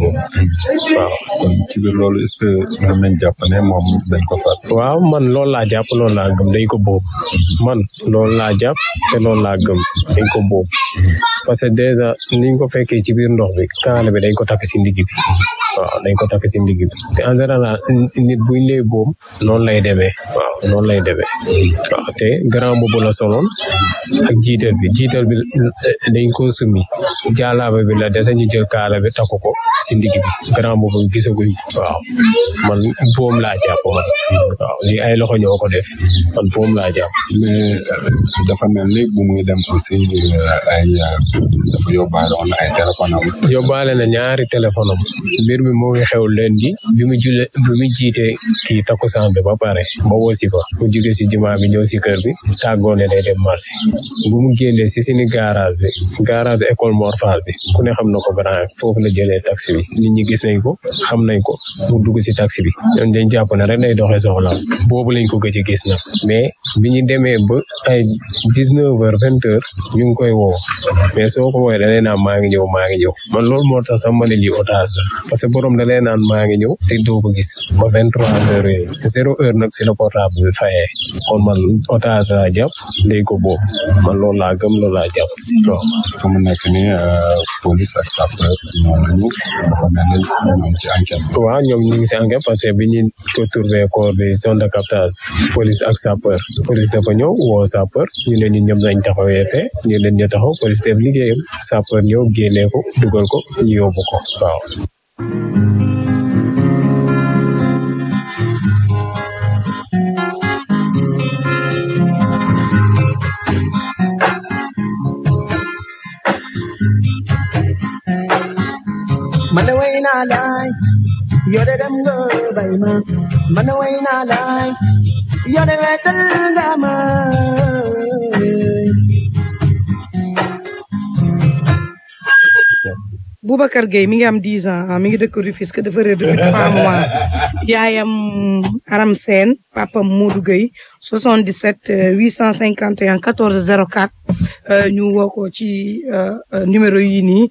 ñun waaw kon ci biir que mën nañ jàpp ne moom dañ ko faat. waaw man loolu laa jàpp loolu laa gëm dañ ko boobu mhm. man loolu laa jàpp te loolu laa gëm dañ ko boobu mhm. parce que déjà niñ ko fekkee ci biir ndox bi kaala bi dañ ko takk si ndigg bi. Mhm. waaw dañ ko takk si ndigg bi te en général nit buñ lay boom noonu lay demee waaw noonu lay demee waaw te grand boobu la soloon ak jiital bi jiital bi eh, dañ ko sumi jaalaaba bi la dese ñu jël kaala bi takku ko si ndigg bi grand boobu gisaguñ waaw man boom laa jàpp man waaw lii ay loxo ñoo ko def man boom laa jàpp mais euh, dafa mel ni bu muy dem aussi euh, ay euh, bi mu ngi xew lundi bi mu julee bi mu jiite kii takkusaan bi ba pare ba woo si ko mu jóge si jumaa bi ñëw si kër bi tàggoo ne day dem marché bu mu génnee si sini garage bi garage école morfal bi ku ne xam na ko grand foofu la jëlee taxi bi nit ñi gis nañ ko xam nañ ko mu dugg si taxi bi ñoom dañ jàpp ne rek day doxee soxlaam boobu lañ ko gëj a gis nag mais bi ñu demee ba ay dix neuf heures vingt heures ñu ngi koy woo mais soo ko woowee da ngay naan maa ngi ñëw maa ngi ñëw man loolu moo tax sax parce que borom da lay naan maa ngi ñëw si doo ko gis ba vingt trois heures zéro heure nag si la portable bi fayee kon man otage laa jàpp léegi ko boobu man loolu laa gëm loolu laa jàpp waaw fu mu nekk nii euh, police ak sapeur ñoo nañu dafa mel ni ñoom ci enquête parce que bi ñu ko trouvé corps bi de captage police ak sapeur police dafa ñëw woo sapeur ñu ne ñun ñoom lañ taxawee fee ñu leen ñu taxaw police def liggéeyam sapeur ñëw génnee ko dugal ko ñu yóbbu ko man de wey naa laay yoo de dem nga bay ma man de wey naa laay yoo de wetal nga ma Boubacar Gueye mi ngi am 10 ans ah, mi ngi dëkk Rufisque dafa réer depuis 3 mois yaayam Aram Sène papam Modou Gueye 77 851 14 04 ñu woo ko ci euh, euh, numéro yii nii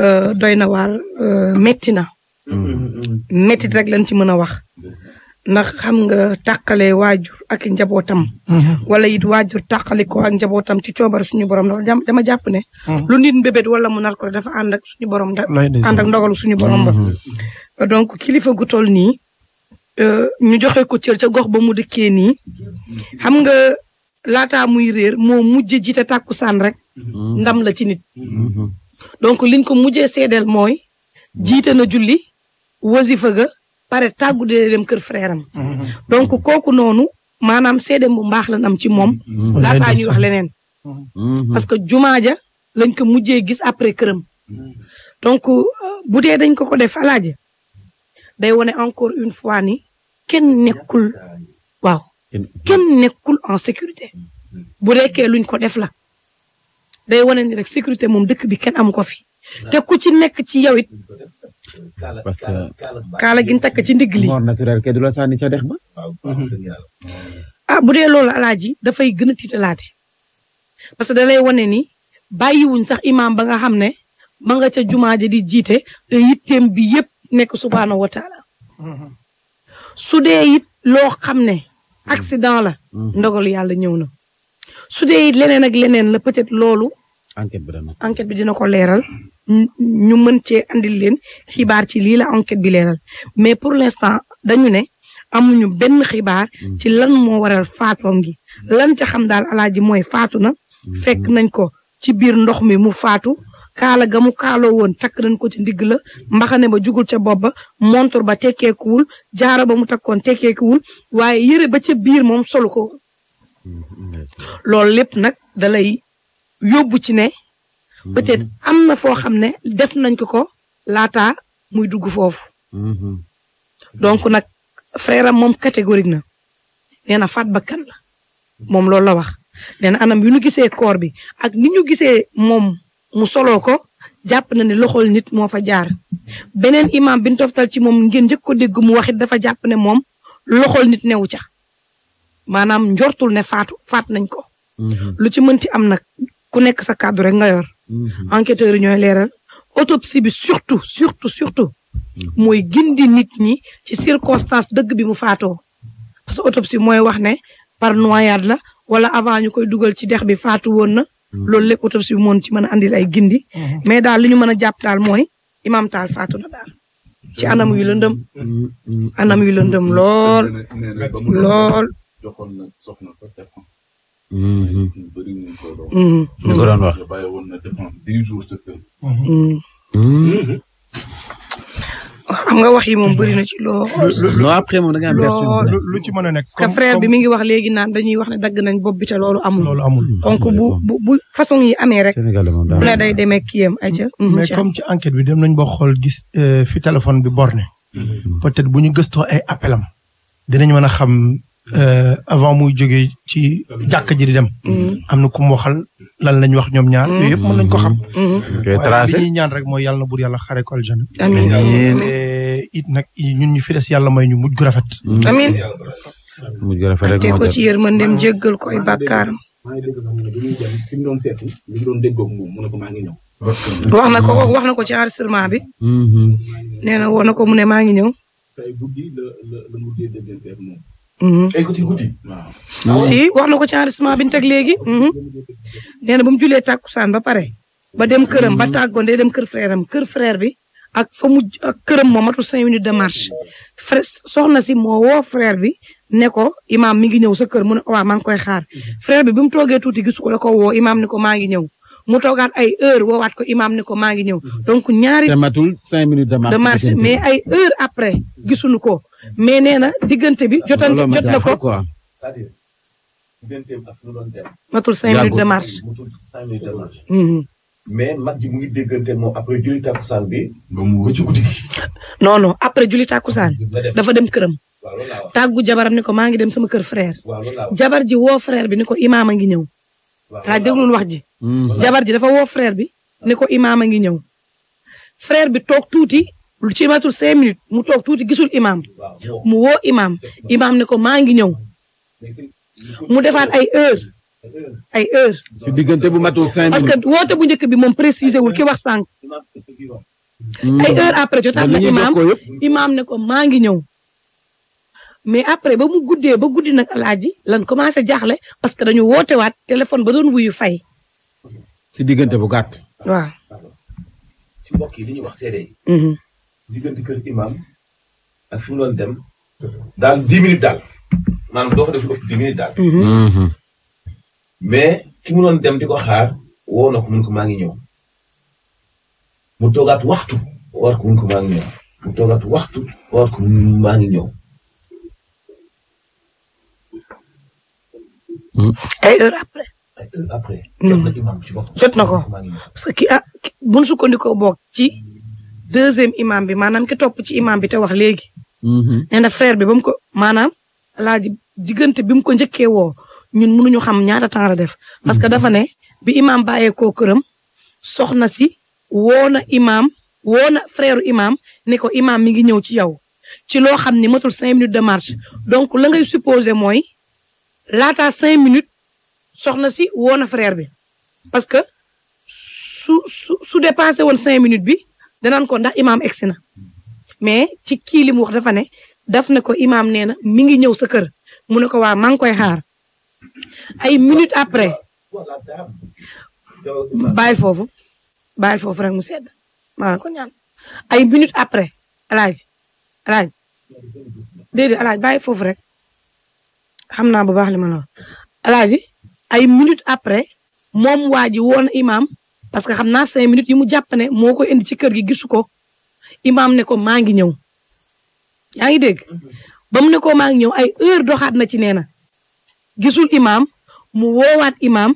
euh, doy na waar métti na métti mm-hmm. rek lañ ci mën a wax ndax xam nga tàqale waajur ak njabootam. Mhm. wala it waajur tàqali ko ak njabootam ci coobar suñu borom ndax dama jàpp ne. Mhm. lu nit mbébét wala mu nar ko dafa ànd ak suñu borom. ànd ak ndogalu suñu borom ba. Mhm. donc kilifa gu toll nii euh, ñu joxe ko cër ca gox ba mu dëkkee nii xam nga laataa muy réer moo mujj jiite tàkkusaan rek ndam la ci nit. donc liñ ko mujjee seedeel mooy jiite na julli wasifa ga pare tàggu de dem kër frère am. Mhm. donc kooku noonu maanaam sede mu mbaax lañ am ci moom. Mhm. laataa ñuy wax leneen. Mhm. parce que jumaa ja lañ ko mujjee gis après këram. donc euh, bu dee dañ ko ko def alaaji day wone encore une fois ni kenn nekkul waaw kenn nekkul en sécurité bu dekkee luñ ko def la day wone ni rek sécurité moom dëkk bi kenn amu ko fi te ku ci nekk ci yow parce que kaala gi takk ci ndigg li mort naturel kay du la sànni ca dex ba. Mhm. ah bu dee loolu alaaji dafay gën a tiitalaate parce que da lay wane ni bàyyiwuñ sax imaam ba nga xam ne ma nga ca jumaa ja di jiite te yitteem bi yépp nekk subhaanahu wa taala mhm. su dee it loo xam ne mhm. accident la. ndogal yàlla ñëw na su dee it leneen la peut-être loolu. enquête bi dana enquête bi dina ko leeral ñu mën cee andil leen xibaar ci lii la enquête bi leeral mais pour l'instant dañu ne amuñu benn xibaar mm. ci lan moo waral faatoom gi lan ci xam daal alaaji mooy faatu na mm. fekk nañ ko ci biir ndox mi mu faatu kaala ga mu kaaloo woon takk nañ ko ci ndigg la mbaxane ba jugul ca bopp ba montur ba tekkeekuwul jaaro ba mu takkoon tekkeekuwul waaye yëre ba ca biir moom solu ko mm, loolu lépp nag dalay yóbbu ci ne mhm. peut-être am na foo xam ne def nañ ko ko laataa muy dugg foofu mhm. donc nag frère am moom catégorique na nee na faat bakkan la moom loolu la wax nee anam yu ñu gisee koor bi ak ni ñu gisee moom mu soloo ko jàpp na ne loxol nit moo fa jaar beneen imam bi ñu toftal ci moom ngeen njëkk dégg mu waxit dafa jàpp ne moom loxol nit newu ca maanaam njortul ne faatu faat nañ ko mhm. lu ci mënti am nag ku nekk sa kàddu rek nga yor. Mhm. enquêteurs yi ñooy leeral autopsie bi surtout surtout surtout. Mhm. mooy gindi nit ñi ci circonstance dëgg bi mu faatoo. parce que autopsie mooy wax ne par noyade la wala avant ñu koy dugal ci dex bi faatu woon na. Mhm. loolu lépp autopsie bi moon ci mën a andil ay gindi. mais daal li ñu mën a jàpp daal mooy imaam taal faatu na daal. ci anam yu lëndëm. anam lëndëm lool. lool. ñu bëri ñu ko wax. bàyyi na dépense dix jours ca nga wax yi moom bëri na ci loo loo après moom da nga am version lu ci mën a nekk. parce que bi mi ngi wax léegi naan dañuy wax ne dagg nañ bopp bi te loolu amul. loolu amul donc bu bu bu façon yi amee rek. bu la day demee kii yam ayca. Mm-hmm. Mm-hmm. mais comme ci enquête bi dem nañ ba xool gis euh, fi téléphone bi borné. Mm-hmm. peut-être bu ñu ay appelam dinañ mën a Euh, avant mu jógee ci jàkk ji di dem. Mm. Mm. am na ku mu waxal lan lañ wax ñoom ñaar. Mm. yooyu yëpp mën nañ ko xam. waaye li ñuy ñaan rek mooy yàlla na buur yàlla xare ko aljana. amiin it nag ñun ñu fi des yàlla may ñu mujj gu rafet. amiin mujj gu rafet rek moo ko ci yërmandeem jéggal ko ay bàkkaaram. wax na ko wax na ko ci harcèlement bi. Mm-hmm. nee na woo na ko mu ne maa ngi ñëw. ay mhm. eh, guddi guddi. Ah. si wax na ko ci enregistrement bi ñu teg léegi. Mhm. nee na ba mu julee tàkkusaan ba pare. ba dem këram ba mhm. tàggoon day dem kër frère am bi. ak fa mu ak këram moom matul cinq minutes de marche. frère soxna si moo woo frère bi ne ko imaam mi ngi ñëw sa kër mu ne ko waaw maa ngi koy xaar. frère bi bi mu toogee tuuti gisu ko da ko woo imaam ni ko maa ngi ñëw. mu toogaat ay heure woowaat ko imaam ni ko maa ngi ñëw. donc ñaari. matul cinq minutes de marche mais ay heure après gisuñu ko. mais nee na diggante bi jot na ko. matul cinq minutes de marche. Mm-hmm. mais mag ji mu ngi déggante moom après julli takkusaan bi. ba mu wëcc guddi gi. après julli takkusaan dafa dem këram. tàggu jabaram ni ko maa ngi dem sama kër frère. jabar ji woo frère bi ni ko imaam a ngi ñëw. wax ji. Mm. jabar ji dafa bi ni ko a ngi ñëw. frère bi toog tuuti lu ci matul cinq minutes mu toog tuuti gisul imaam mu woo imaam imaam ne ko maa ngi ñëw mu defaat ay heure ay heure ci diggante bu matul cinq minutes parce que woote bu njëkk bi moom préciser wul ki wax sànq hmm. ay heure après jotaat na imaam imaam ne ko maa ngi ñëw mais après ba mu guddee ba guddi nag alaaji lan commencé jaaxle parce que dañu woote waat téléphone ba doon wuyu fay. ci diggante bu gàtt. waaw. ci mbokk wax seede diggante kër imam ak fi mu doon dem daal dix minutes daal maanaam doo fa def lu ëpp dix minutes mm-hmm. ki mu doon dem di ko xaar woo ko mun ko maa ngi ñëw mu toogaat waxtu war ko mun ko maa ngi ñëw mu toogaat waxtu war ko maa ngi ñëw. Mm-hmm. ay ci. deuxième imam bi maanaam ki topp ci imam bi te wax léegi. Mm-hmm. nee na bi ba mu ko maanaam laaj diggante bi mu ko njëkkee woo ñun mënuñu xam ñaata temps la def. parce que mm-hmm. dafa ne bi imam bàyyeekoo këram soxna si woo na imam woo na frère imam ne ko imam mi ngi ñëw ci yow. ci loo xam ne matul cinq minutes de marche donc la ngay supposé mooy laataa cinq soxna si woo na frère bi parce que su su su dépassé woon cinq minutes bi. danaan ko ndax imaam egsi na mais ci kii li mu wax dafa ne daf na ko imaam nee na mi ngi ñëw sa kër mu ne ko waa maa ngi koy xaar ay minutes après bàyyi foofu bàyyi foofu rek mu sedd maa ko ñaan ay minutes après alaaj alaaj déedéet alaaj bàyyi foofu rek xam naa bu baax li ma la wax ay minutes après moom waa ji woon imaam parce que xam naa cinq minutes yi mu jàpp moo ko indi ci kër gi gisu ko imaam ne ko maa ngi ñëw yaa ngi dégg ba mu ne ko maa ngi ñëw ay heure doxaat na ci nee na gisul imaam mu woowaat imaam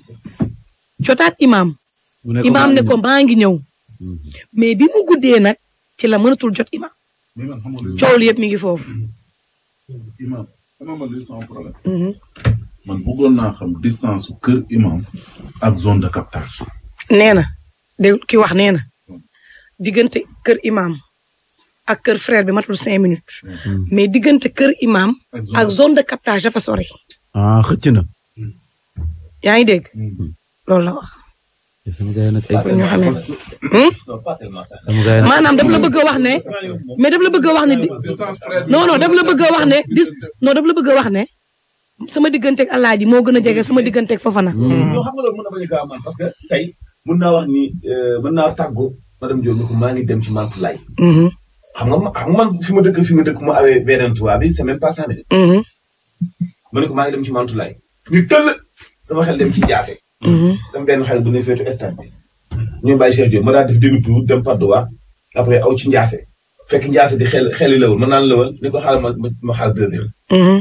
jotaat imaam. imaam ne ko maa ngi ñëw. Mm-hmm. mais bi mu guddee nag ci la mënatul jot imaam. coow li yëpp mi ngi foofu. imaam mm-hmm. man bëggoon naa xam imaam ak zone de captage. nee na dégg ki wax nee na hmm. diggante kër imaam ak kër frère bi matul cinq minutes. Hmm. Hmm. mais diggante kër imaam. ak zone de captage dafa sori. ah xëcc na. yaa ngi dégg. loolu la wax. maanaam daf la bëgg a wax ne mais daf la bëgg a wax ne di non daf la bëgg a wax ne dis non daf la bëgg a wax ne sama digganteeg alaaji moo gën a jege sama digganteeg Fofana. mun naa wax ni euh, mën naa tàggoo madame Diop ni ko maa ngi dem ci Mantoulaye. Mm-hmm. xam nga ma nga man fi ma dëkk fi nga dëkk mu awee beneen tubaab bi c'est même pas cinq minutes. Mm-hmm. ma ne maa ngi dem ci Mantoulaye. ñu tëll sama xel dem ci Ndiassé. Mm-hmm. sama benn xel bu ne féetu stade bi. ñu bàyyi Cheikh ma daal def demi tour dem Patte d'Oie après aw ci Ndiassé. fekk Ndiassé di xel xeli lawul ma naan lawal ni ko xaaral ma ma deux heures.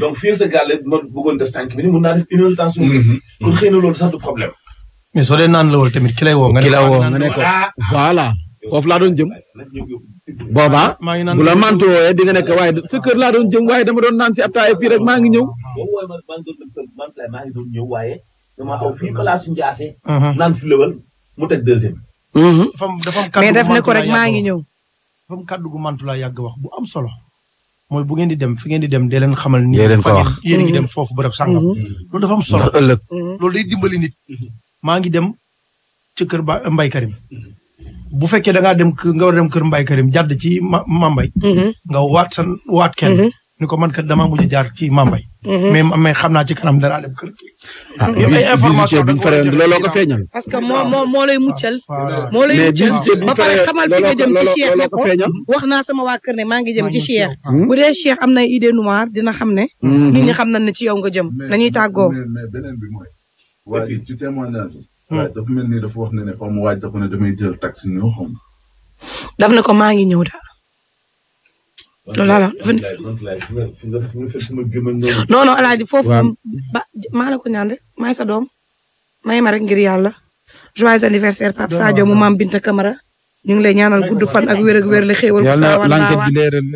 donc fii sa gàll ma def cinq minutes mun naa def une heure de kon xëy problème. mais soo dee naan la wol tamit ki lay woo. nga ne ko la woo nga ne ko voilà foofu laa doon jëm. boobaa bu la mantu wooyee di nga nekk waaye sa kër laa doon jëm waaye dama doon naan si ab taay fii rek maa ngi ñëw. dama aw fii place Ndiassé. naan fi lewal mu teg deuxième. dafa dafa mais def ne ko rek maa ngi ñëw. dafa am kàddu gu mantu laa yàgg wax bu am solo. mooy bu ngeen di dem fi ngeen di dem deleen leen xamal. nii fa ngeen yéen ngi dem foofu bërëb sàngam. loolu dafa solo ndax ëllëg. loolu day dimbali nit. maa ngi dem ci kër ba Mbaye Karim mm-hmm. bu fekkee da ngaa dem nga war dem kër Mbaye Karim jàdd ci Mambay mm-hmm. nga waat san waat kenn mm-hmm. ni ko man kat damaa mujj jaar ci Mambay mais mais xam naa ci kanam danaa dem kër gi. ah ay information feeñal. parce moo moo moo lay muccal. moo lay muccal ba pare xamal fi nga jëm ci Cheikh ne ko wax naa sama waa ne maa ngi jëm ci Cheikh. Hmm? bu dee Cheikh am na idée noire dina xam ne. Hmm. nit ñi xam nañ ne ci yow nga jëm. nañuy tàggoo. mais waa ji ci témoignage hmm. daf ne ko maa ngi ñëw daal. loolu la dafa ne. maa la ko ñaan rek sa doom. may ma rek ngir yàlla. joyeux anniversaire Pape Sadio mu maam Binta Camara. ñu ngi lay ñaanal gudd fan ak wér ak wér la xéewal. yàlla lanket bi leeral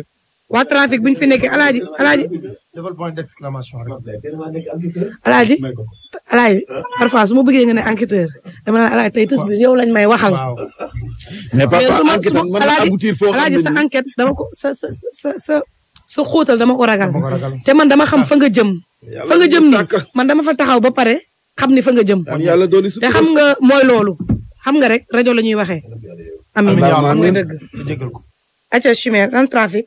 waa trafic bu ñu fi nekkee alaaji alaaji alaaji alaaji parfois su ma bëggee nga ne enquêteur dama naan alaaji tey tës bi yow lañ may waxal mais suma suma alaaji sa enquête dama ko sa sa sa sa sa xóotal dama ko ragal te man dama xam fa nga jëm fa nga jëm nii man dama fa taxaw ba pare xam ni fa nga jëm te xam nga mooy loolu xam nga rek rajo la ñuy waxee amiin dëgg acca chimère nan trafic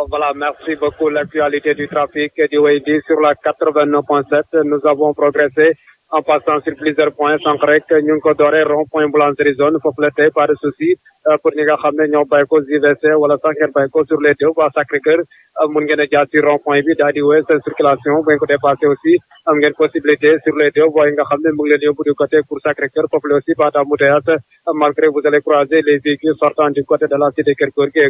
Ah, voilà, merci beaucoup. sur la 89.7, nous avons en passant sur plusieurs points sànq rek ñu ngi ko dooree rond zone foofu la tey par euh, pour ñi nga xam ne ñoo bàyyi ko wala sax ngeen sur les deux waa sacré euh, mun ngeen a jaar si point bi daal di wéy seen circulation bu ngeen ko dépassé aussi possibilité sur les deux voies nga xam ne mu ngi leen yóbbu du pour Sacré-Cœur aussi pas d'embouteillage malgré vous allez croiser les véhicules sortant du de la cité Keur Gorgui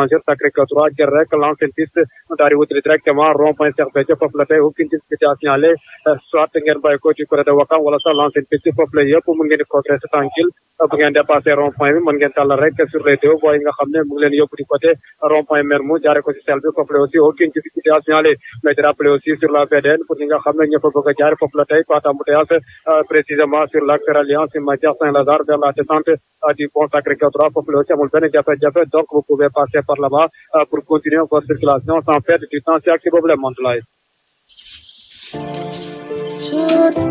en 3 rond point Cheikh Béthio foofu rek sur les deux voies nga xam ne mu ngi leen rond point Mermoz jaare ko ci sel bi foofu la aussi aucune difficulté mais di rappeler aussi sur la VDN pour ñi la tey pas embouteillage précisément sur l'axe vers la descente du pont sacré aussi amul benn jafe-jafe donc vous pouvez passer par là Euh, pour continuer votre circulation sans perdre du temps si ak si boobu la Mantoulaye.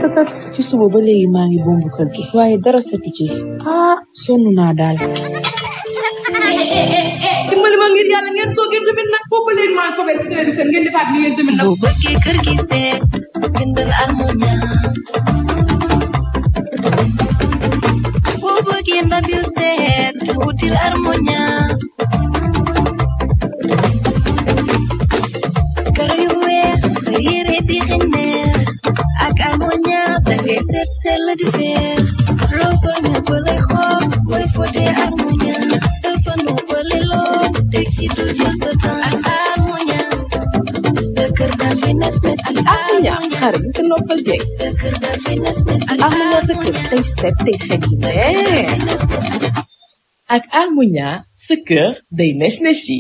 tatatat ci suba ba léegi maa ngi bomb kër gi dara setu ci ah sonn naa daal dimbali ma ngir yàlla ngeen toog yéen tamit nag boobu léegi maa ko bet télé bi seen ngeen defaat ni yéen tamit nag boo bëggee kër armonia fiixi neex ak amoo ñaar dangay seet sell di feex loo soñu ko lay xool mooy fóote harmonia dafa noo ko lay lool teg si du jël sa temps ak harmonia sa kër daal fi nes nes yi harmonia xarit te noppal jeeg sa kër daal fi nes nes yi harmonia sa kër tey seet tey xeet neex ak harmonia sa kër day nes nes yi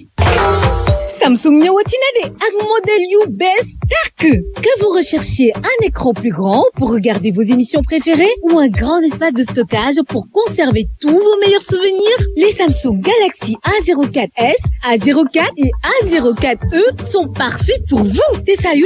Samsung ñëwatina de ak modèle yu bees tàkk. Que vous recherchiez un écran plus grand pour regarder vos émissions préférées ou un grand espace de stockage pour conserver tous vos meilleurs souvenirs, les Samsung Galaxy A04s, A04 et A04e e sont parfaits pour vous. Te saa yu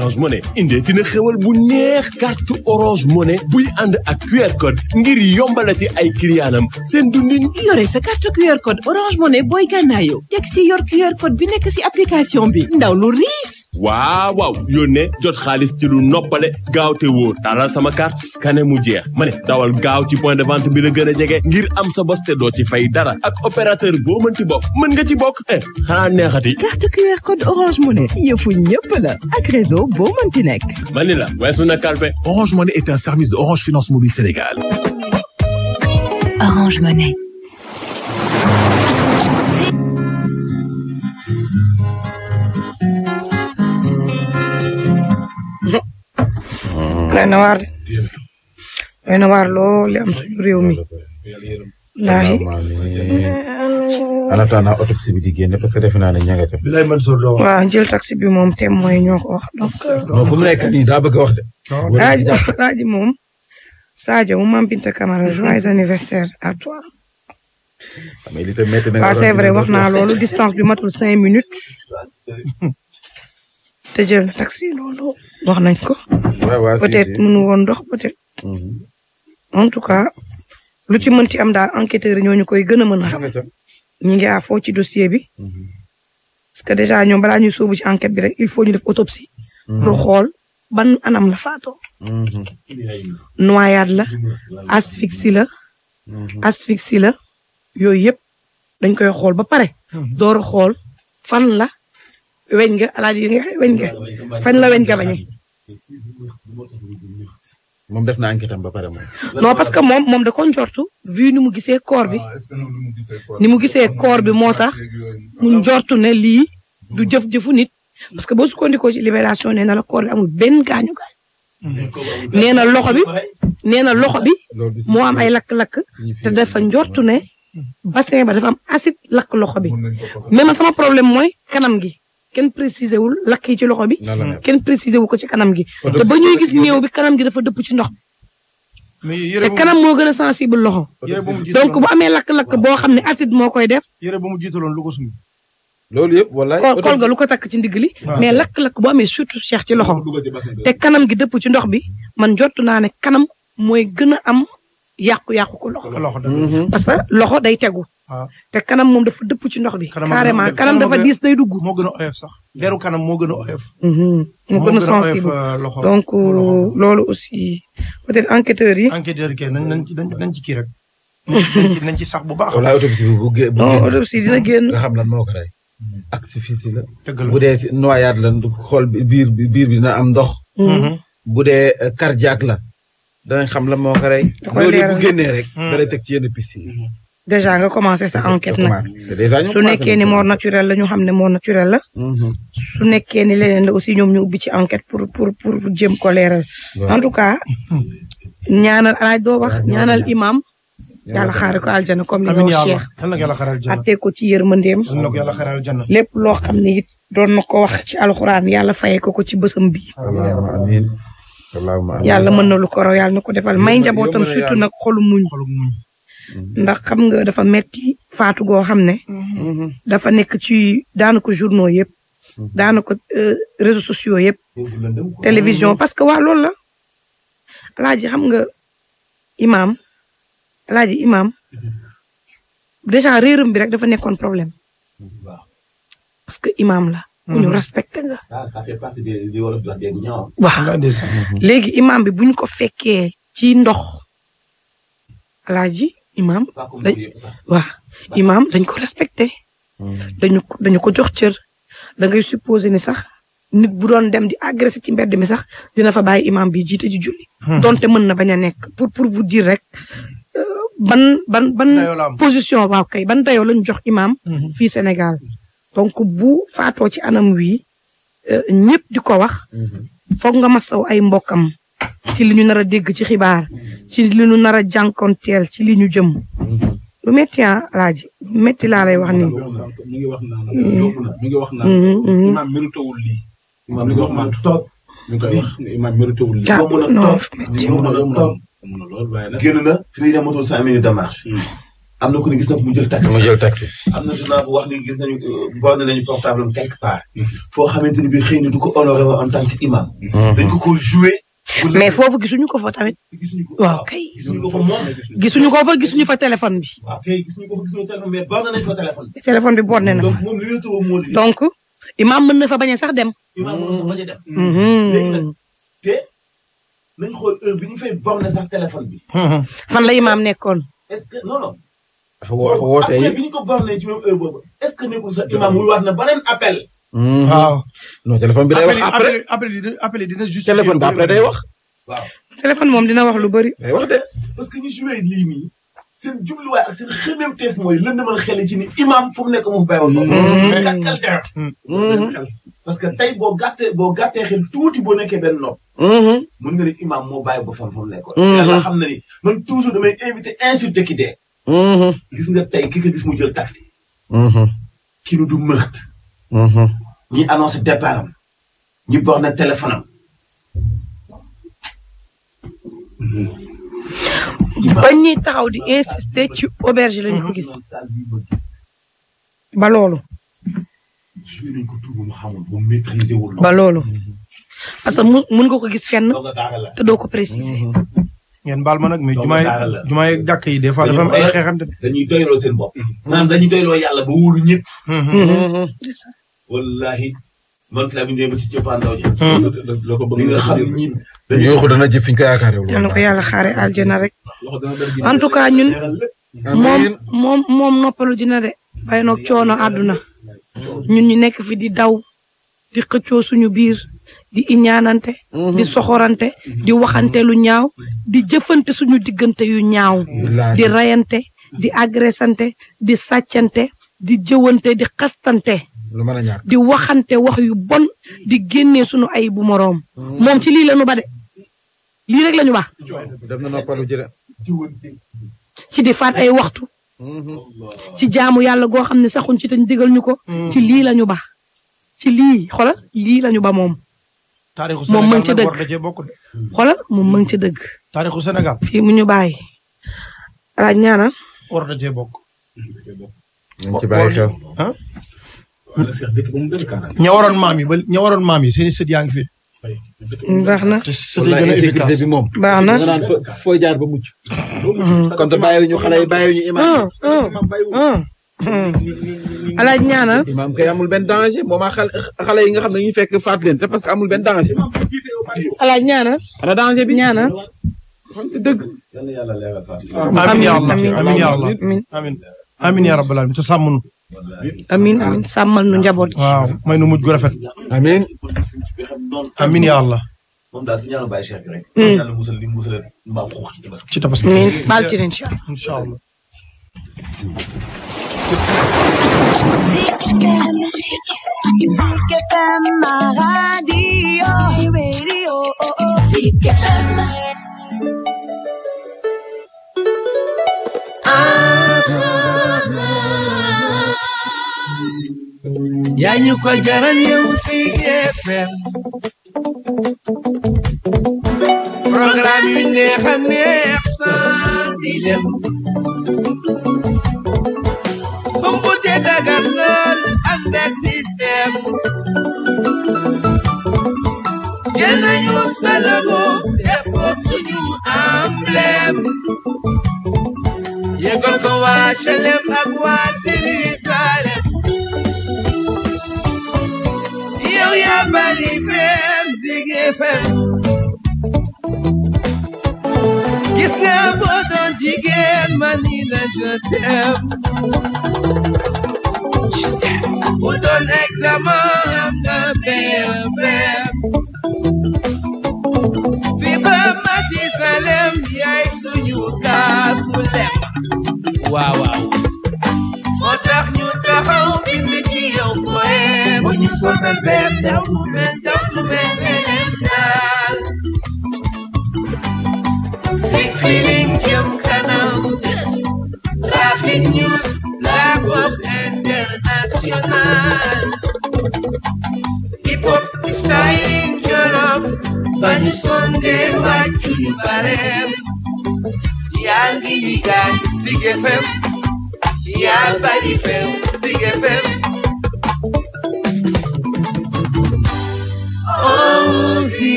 orange money indeeti na xewal bu neex carte orange money buy ànd ak QR code ngir yombalati ay kiliyaanam seen dundin yore sa carte QR code orange money booy gànnaayoo teg si yor QR code bi nekk si application bi ndaw lu riis waaw waaw yónnee jot xaalis ci lu noppale gaaw te wóor taalal sama carte scanner mu jeex ma tawal gaaw ci point de vente bi la gën a jege ngir am sa bos doo ci fay dara ak opérateur boo mënti bokk mën nga ci bokk eh xanaa neexati. carte QR code orange money yëfu ñëpp la ak réseau boo mënti nekk. ma ne la weesu na kalpe. orange money est un service de orange finance mobile Sénégal. orange money. doy na waar de doy na waar lool li am suñu réew mi laahi ana tax na autopsie bi parce que defe naa ne ña nga ca waaw jël taxi bi moom tem mooy ñoo ko wax donc euh, fu mu nekk nii daa bëgg a wax de laaji moom Sadio mu Mame Binta Camara mm-hmm. joyeux anniversaire à toi waaw c'est wax naa loolu distance bi matul cinq minutes te jël taxi loolu wax nañ ko. peut-être mënu woon dox peut-être. Mm-hmm. en tout cas lu ci mën ci am daal enquêteurs yi ñooñu koy gën a mën a xam. ñi ngi à foo ci dossier bi. Mm-hmm. parce que déjà ñoom balaa ñuy sóobu ci enquête bi rek il faut ñu def autopsie. Mm-hmm. pour xool ban anam la faatoo. noyade la asphyxie la. asphyxie la yooyu yëpp dañ koy xool ba pare. door xool fan la. weñ nga alaaji weñ nga fan la weñ nga def na ba pare moom. non parce que moom moom da ko njortu vu ah, ni mu gisee koor bi ni mu gisee koor bi moo tax mu njortu ne lii du jëf-jëfu nit parce que boo sukkandikoo ci liberation nee na la koor bi amul benn gaañu gaañ. nee na loxo bi nee na loxo bi moo am ay lakk-lakk te dafa njortu ne mm-hmm. bassin ba dafa am acide lakk loxo bi mais man sama problème mooy kanam gi. kenn précisé wul lakk yi ci loxo bi. kenn précisé wu ko ci kanam gi. te ba ñuy gis néew bi kanam gi dafa dëpp ci ndox bi te kanam moo gën a sensible loxo. donc bu amee lakk-lakk boo xam ne acide moo koy def. yére ba mu jiitaloon lu ko loolu yëpp wallaay ko takk ci ndigg li ah, mais lakk-lakk boo amee surtout cheikh ci loxo. te kanam gi dëpp ci ndox bi man jot naa ne kanam mooy gën a am yàqu-yàqu ko loxo. Mhm. parce que loxo day tegu. te kanam moom dafa dëpp ci ndox bi. carrément kanam dafa diis day dugg. moo gën a oyof sax leeru kanam moo gën a oyof. Mhm. moo gën a sensible euh, donc euh, loolu aussi peut-être enquêteurs yi. enquêteurs yi nañ ci nañ ci kii nañ ci sax bu baax. wala autopsie bi bu gé bu autopsie dina génn. nga xam lan moo ko rey. Hmm. asphyxie la. dëgg la bu dee noyade la xool biir biir bi dina am ndox. Hmm. Hmm. bu dee euh, cardiaque la. danañ xam la moo ko rey. da koy leeral bu génnee rek. da lay teg ci yenn piste yi. déjà nga commencé sa enquête nag su nekkee ni mort naturel la ñu xam ne mort naturel la. Mhm. su nekkee ni leneen la aussi ñoom ñu ubbi ci enquête pour pour pur jéem ko leeral. en tout cas. ñaanal alaaj doo wax ñaanal imam. yàlla xaare ko aljana comme ni ñoo Cheikh. atte ko ci yërmandeem. lépp loo xam ne it doon na ko wax ci alxuraan yàlla fayee ko ko ci bësam bi. yàlla mën na lu ko raw yàlla na ko defal may njabootam surtout nag xolu muñ. Mm-hmm. ndax xam nga dafa metti faatu goo xam ne. Mm-hmm. dafa nekk ci daanaka journaux yëpp. Mm-hmm. daanaka euh, réseaux sociaux yëpp. télévision parce que waa loolu la. alaaji xam nga imaam alaaji imaam déjà réeram bi rek dafa nekkoon problème. parce que imaam la. ku ñu respecté nga. Ah, ça fait ah, léegi imaam bi bu ñu ko fekkee ci ndox alaaji imaam da waaw imaam dañ ko respecté. Hmm. da ko dañu ko jox cër da ngay supposé ni sax nit bu doon dem di agressé ci mbedd mi sax di fa bàyyi imaam bi jiite ju julli. Hmm. donte mën na ba a nekk pour pour vous dire rek. Euh, ban ban ban position waaw kay ban dayoo lañ jox imaam. Hmm. fi Sénégal donc bu faatoo ci anam wi euh, ñëpp di ko wax. foog nga masaw ay mbokkam ci li ñu nar a dégg ci xibaar ci li ñu nar a jànkonteel ci li ñu jëm mm-hmm. lu métti ah Alaaji métti laa lay wax nii. mi ngi wax naan mi ngi wax naan imaam méritewul lii. imaam li nga wax naan toog mi ngi koy wax imaam méritewul lii. daa a toog mun a toog génn na fi ñuy dematul cinq minutes de marche. Mm. am na ku ne gis na mu jël taxi. mu jël taxi. am na journal bu wax ni gis nañu borne nañu portable mm-hmm. xamante ni bi xëy na du ko honoré wa en tant que mais foofu gisuñu ko fa tamit. gisuñu ko waaw ah, kay. gisuñu ko fa moom gisuñu ko fa téléphone bi. waaw ah, kay gisuñu ko fa gisuñu téléphone mais borne bi. téléphone bi borne na fa donc imaam mën na fa bañ sax dem. imaam mën mm-hmm. bi ñu fay borne sax téléphone bi. Mm-hmm. fan la imaam nekkoon. est-ce que non non. woo woote yi après bi ko borne que appel. Mhm. waaw non téléphone bi day wax après appel yi dina juste téléphone bi day wax. waaw téléphone moom dina wax lu bëri. day wax de parce que ñu joué lii nii seen jubluwaay ak seen xemmeemteef mooy lan na lëndamal xel ci ni imam fu mu nekk mu fi bàyyiwoon noonu. gàttal xel. parce que tey boo gàttee boo gàttee xel tuuti boo nekkee benn nopp. Mhm. mën nga ni imam moo bàyyi ba fan fu mu nekkoon. Mhm. yàlla xam na ni man toujours damay invité insulté ki dee. gis nga tey ki ko gis mu jël taxi. ki nu du mërt. Mm-hmm. ñi annoncé départ am ñu borné téléphone am. ba ñuy taxaw di insister ci auberge lañ ko gis. ba loolu. ba loolu. parce que mun nga ko gis fenn te doo ko préciser. Mm-hmm. ngeen baal ma nag mais jumaay jumaay jàkk yi des fois dafa ay xeexante. dañuy doyloo seen bopp. maanaam mm-hmm. dañuy wallahi man laa bi ba ci cëppaandaw ji. Hmm. la ko bëgg nga xam ñi. dana jëf fi ñu ko yaakaaree woon. yal na ko yàlla xaaree aljana rek. en tout dina de. bàyyi ñu nekk fi di daw. di suñu biir. di iñaanante. Hmm. di soxorante. di jëfante suñu diggante yu ñaaw. di rayante. di agressante. di sàccante. di jëwante di xastante. lu mën a ñàkk di waxante wax yu bon di génnee sunu ay bu moroom. moom ci lii la ñu ba de lii rek la ñu baax. na noppalu jële ci di ay waxtu. ci jaamu yàlla goo xam ne saxuñ ci te ñu digal ñu ko. ci lii la ñu baax ci lii xoolal lii la ñu ba moom. taarixu Sénégal moom mën ca dëgg xoolal moom mën ca dëgg. taarixu Sénégal. fii ñu bàyyi. ñaana. war bokk. nañ ci ña waroon maam yi ba ña waroon maam i sët yaa ngi fi. baax na insécurité bi moom. baax na foo jaar ba mucc. Mm. kon te bàyyiwuñu xale yi bàyyiwuñu imam. Mm, mm, alaaj ñaanal. imam kay amul benn danger moom xal xale yi nga xam ne ñu fekk faat leen te parce que amul benn danger. alaaj ñaanal. ana danger bi ñaanal. dëgg. amiin amiin amiin amiin amiin yaa rabbal aalamiin te sàmm amin amin sàmmal nu njaboot gi. waaw may nu mujj gu rafet. amin amin ya allah. moom daal hmm. ci tabaski. ci allah yaa ñu ko jaral yow Zik FM programme yu neex a neex sans dilemme bumbu dagan lool ànd ak système jël nañu sa logo def ko suñu emblème yëgal ko waa Chelem ak waa Siri Now you're Money FM Zig FM gis nga boo doon jigéen mani la je t'aime je t'aime boo doon examen am nga BFM fi ba mati salem yaay suñu kaasu lem waaw waaw moo tax ñu taxaw bind ci yow poe ñu sonal benn jàpp benn jàpp benn benn daal. Zik Feeling jëm kanam Rafik News la voix internationale. hip hop styling Jolof ba ñu sondee wàccu ñu bareem. yaa ngi wigaan Zik FM yaa bari FM Zik FM.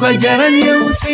ko jaral yow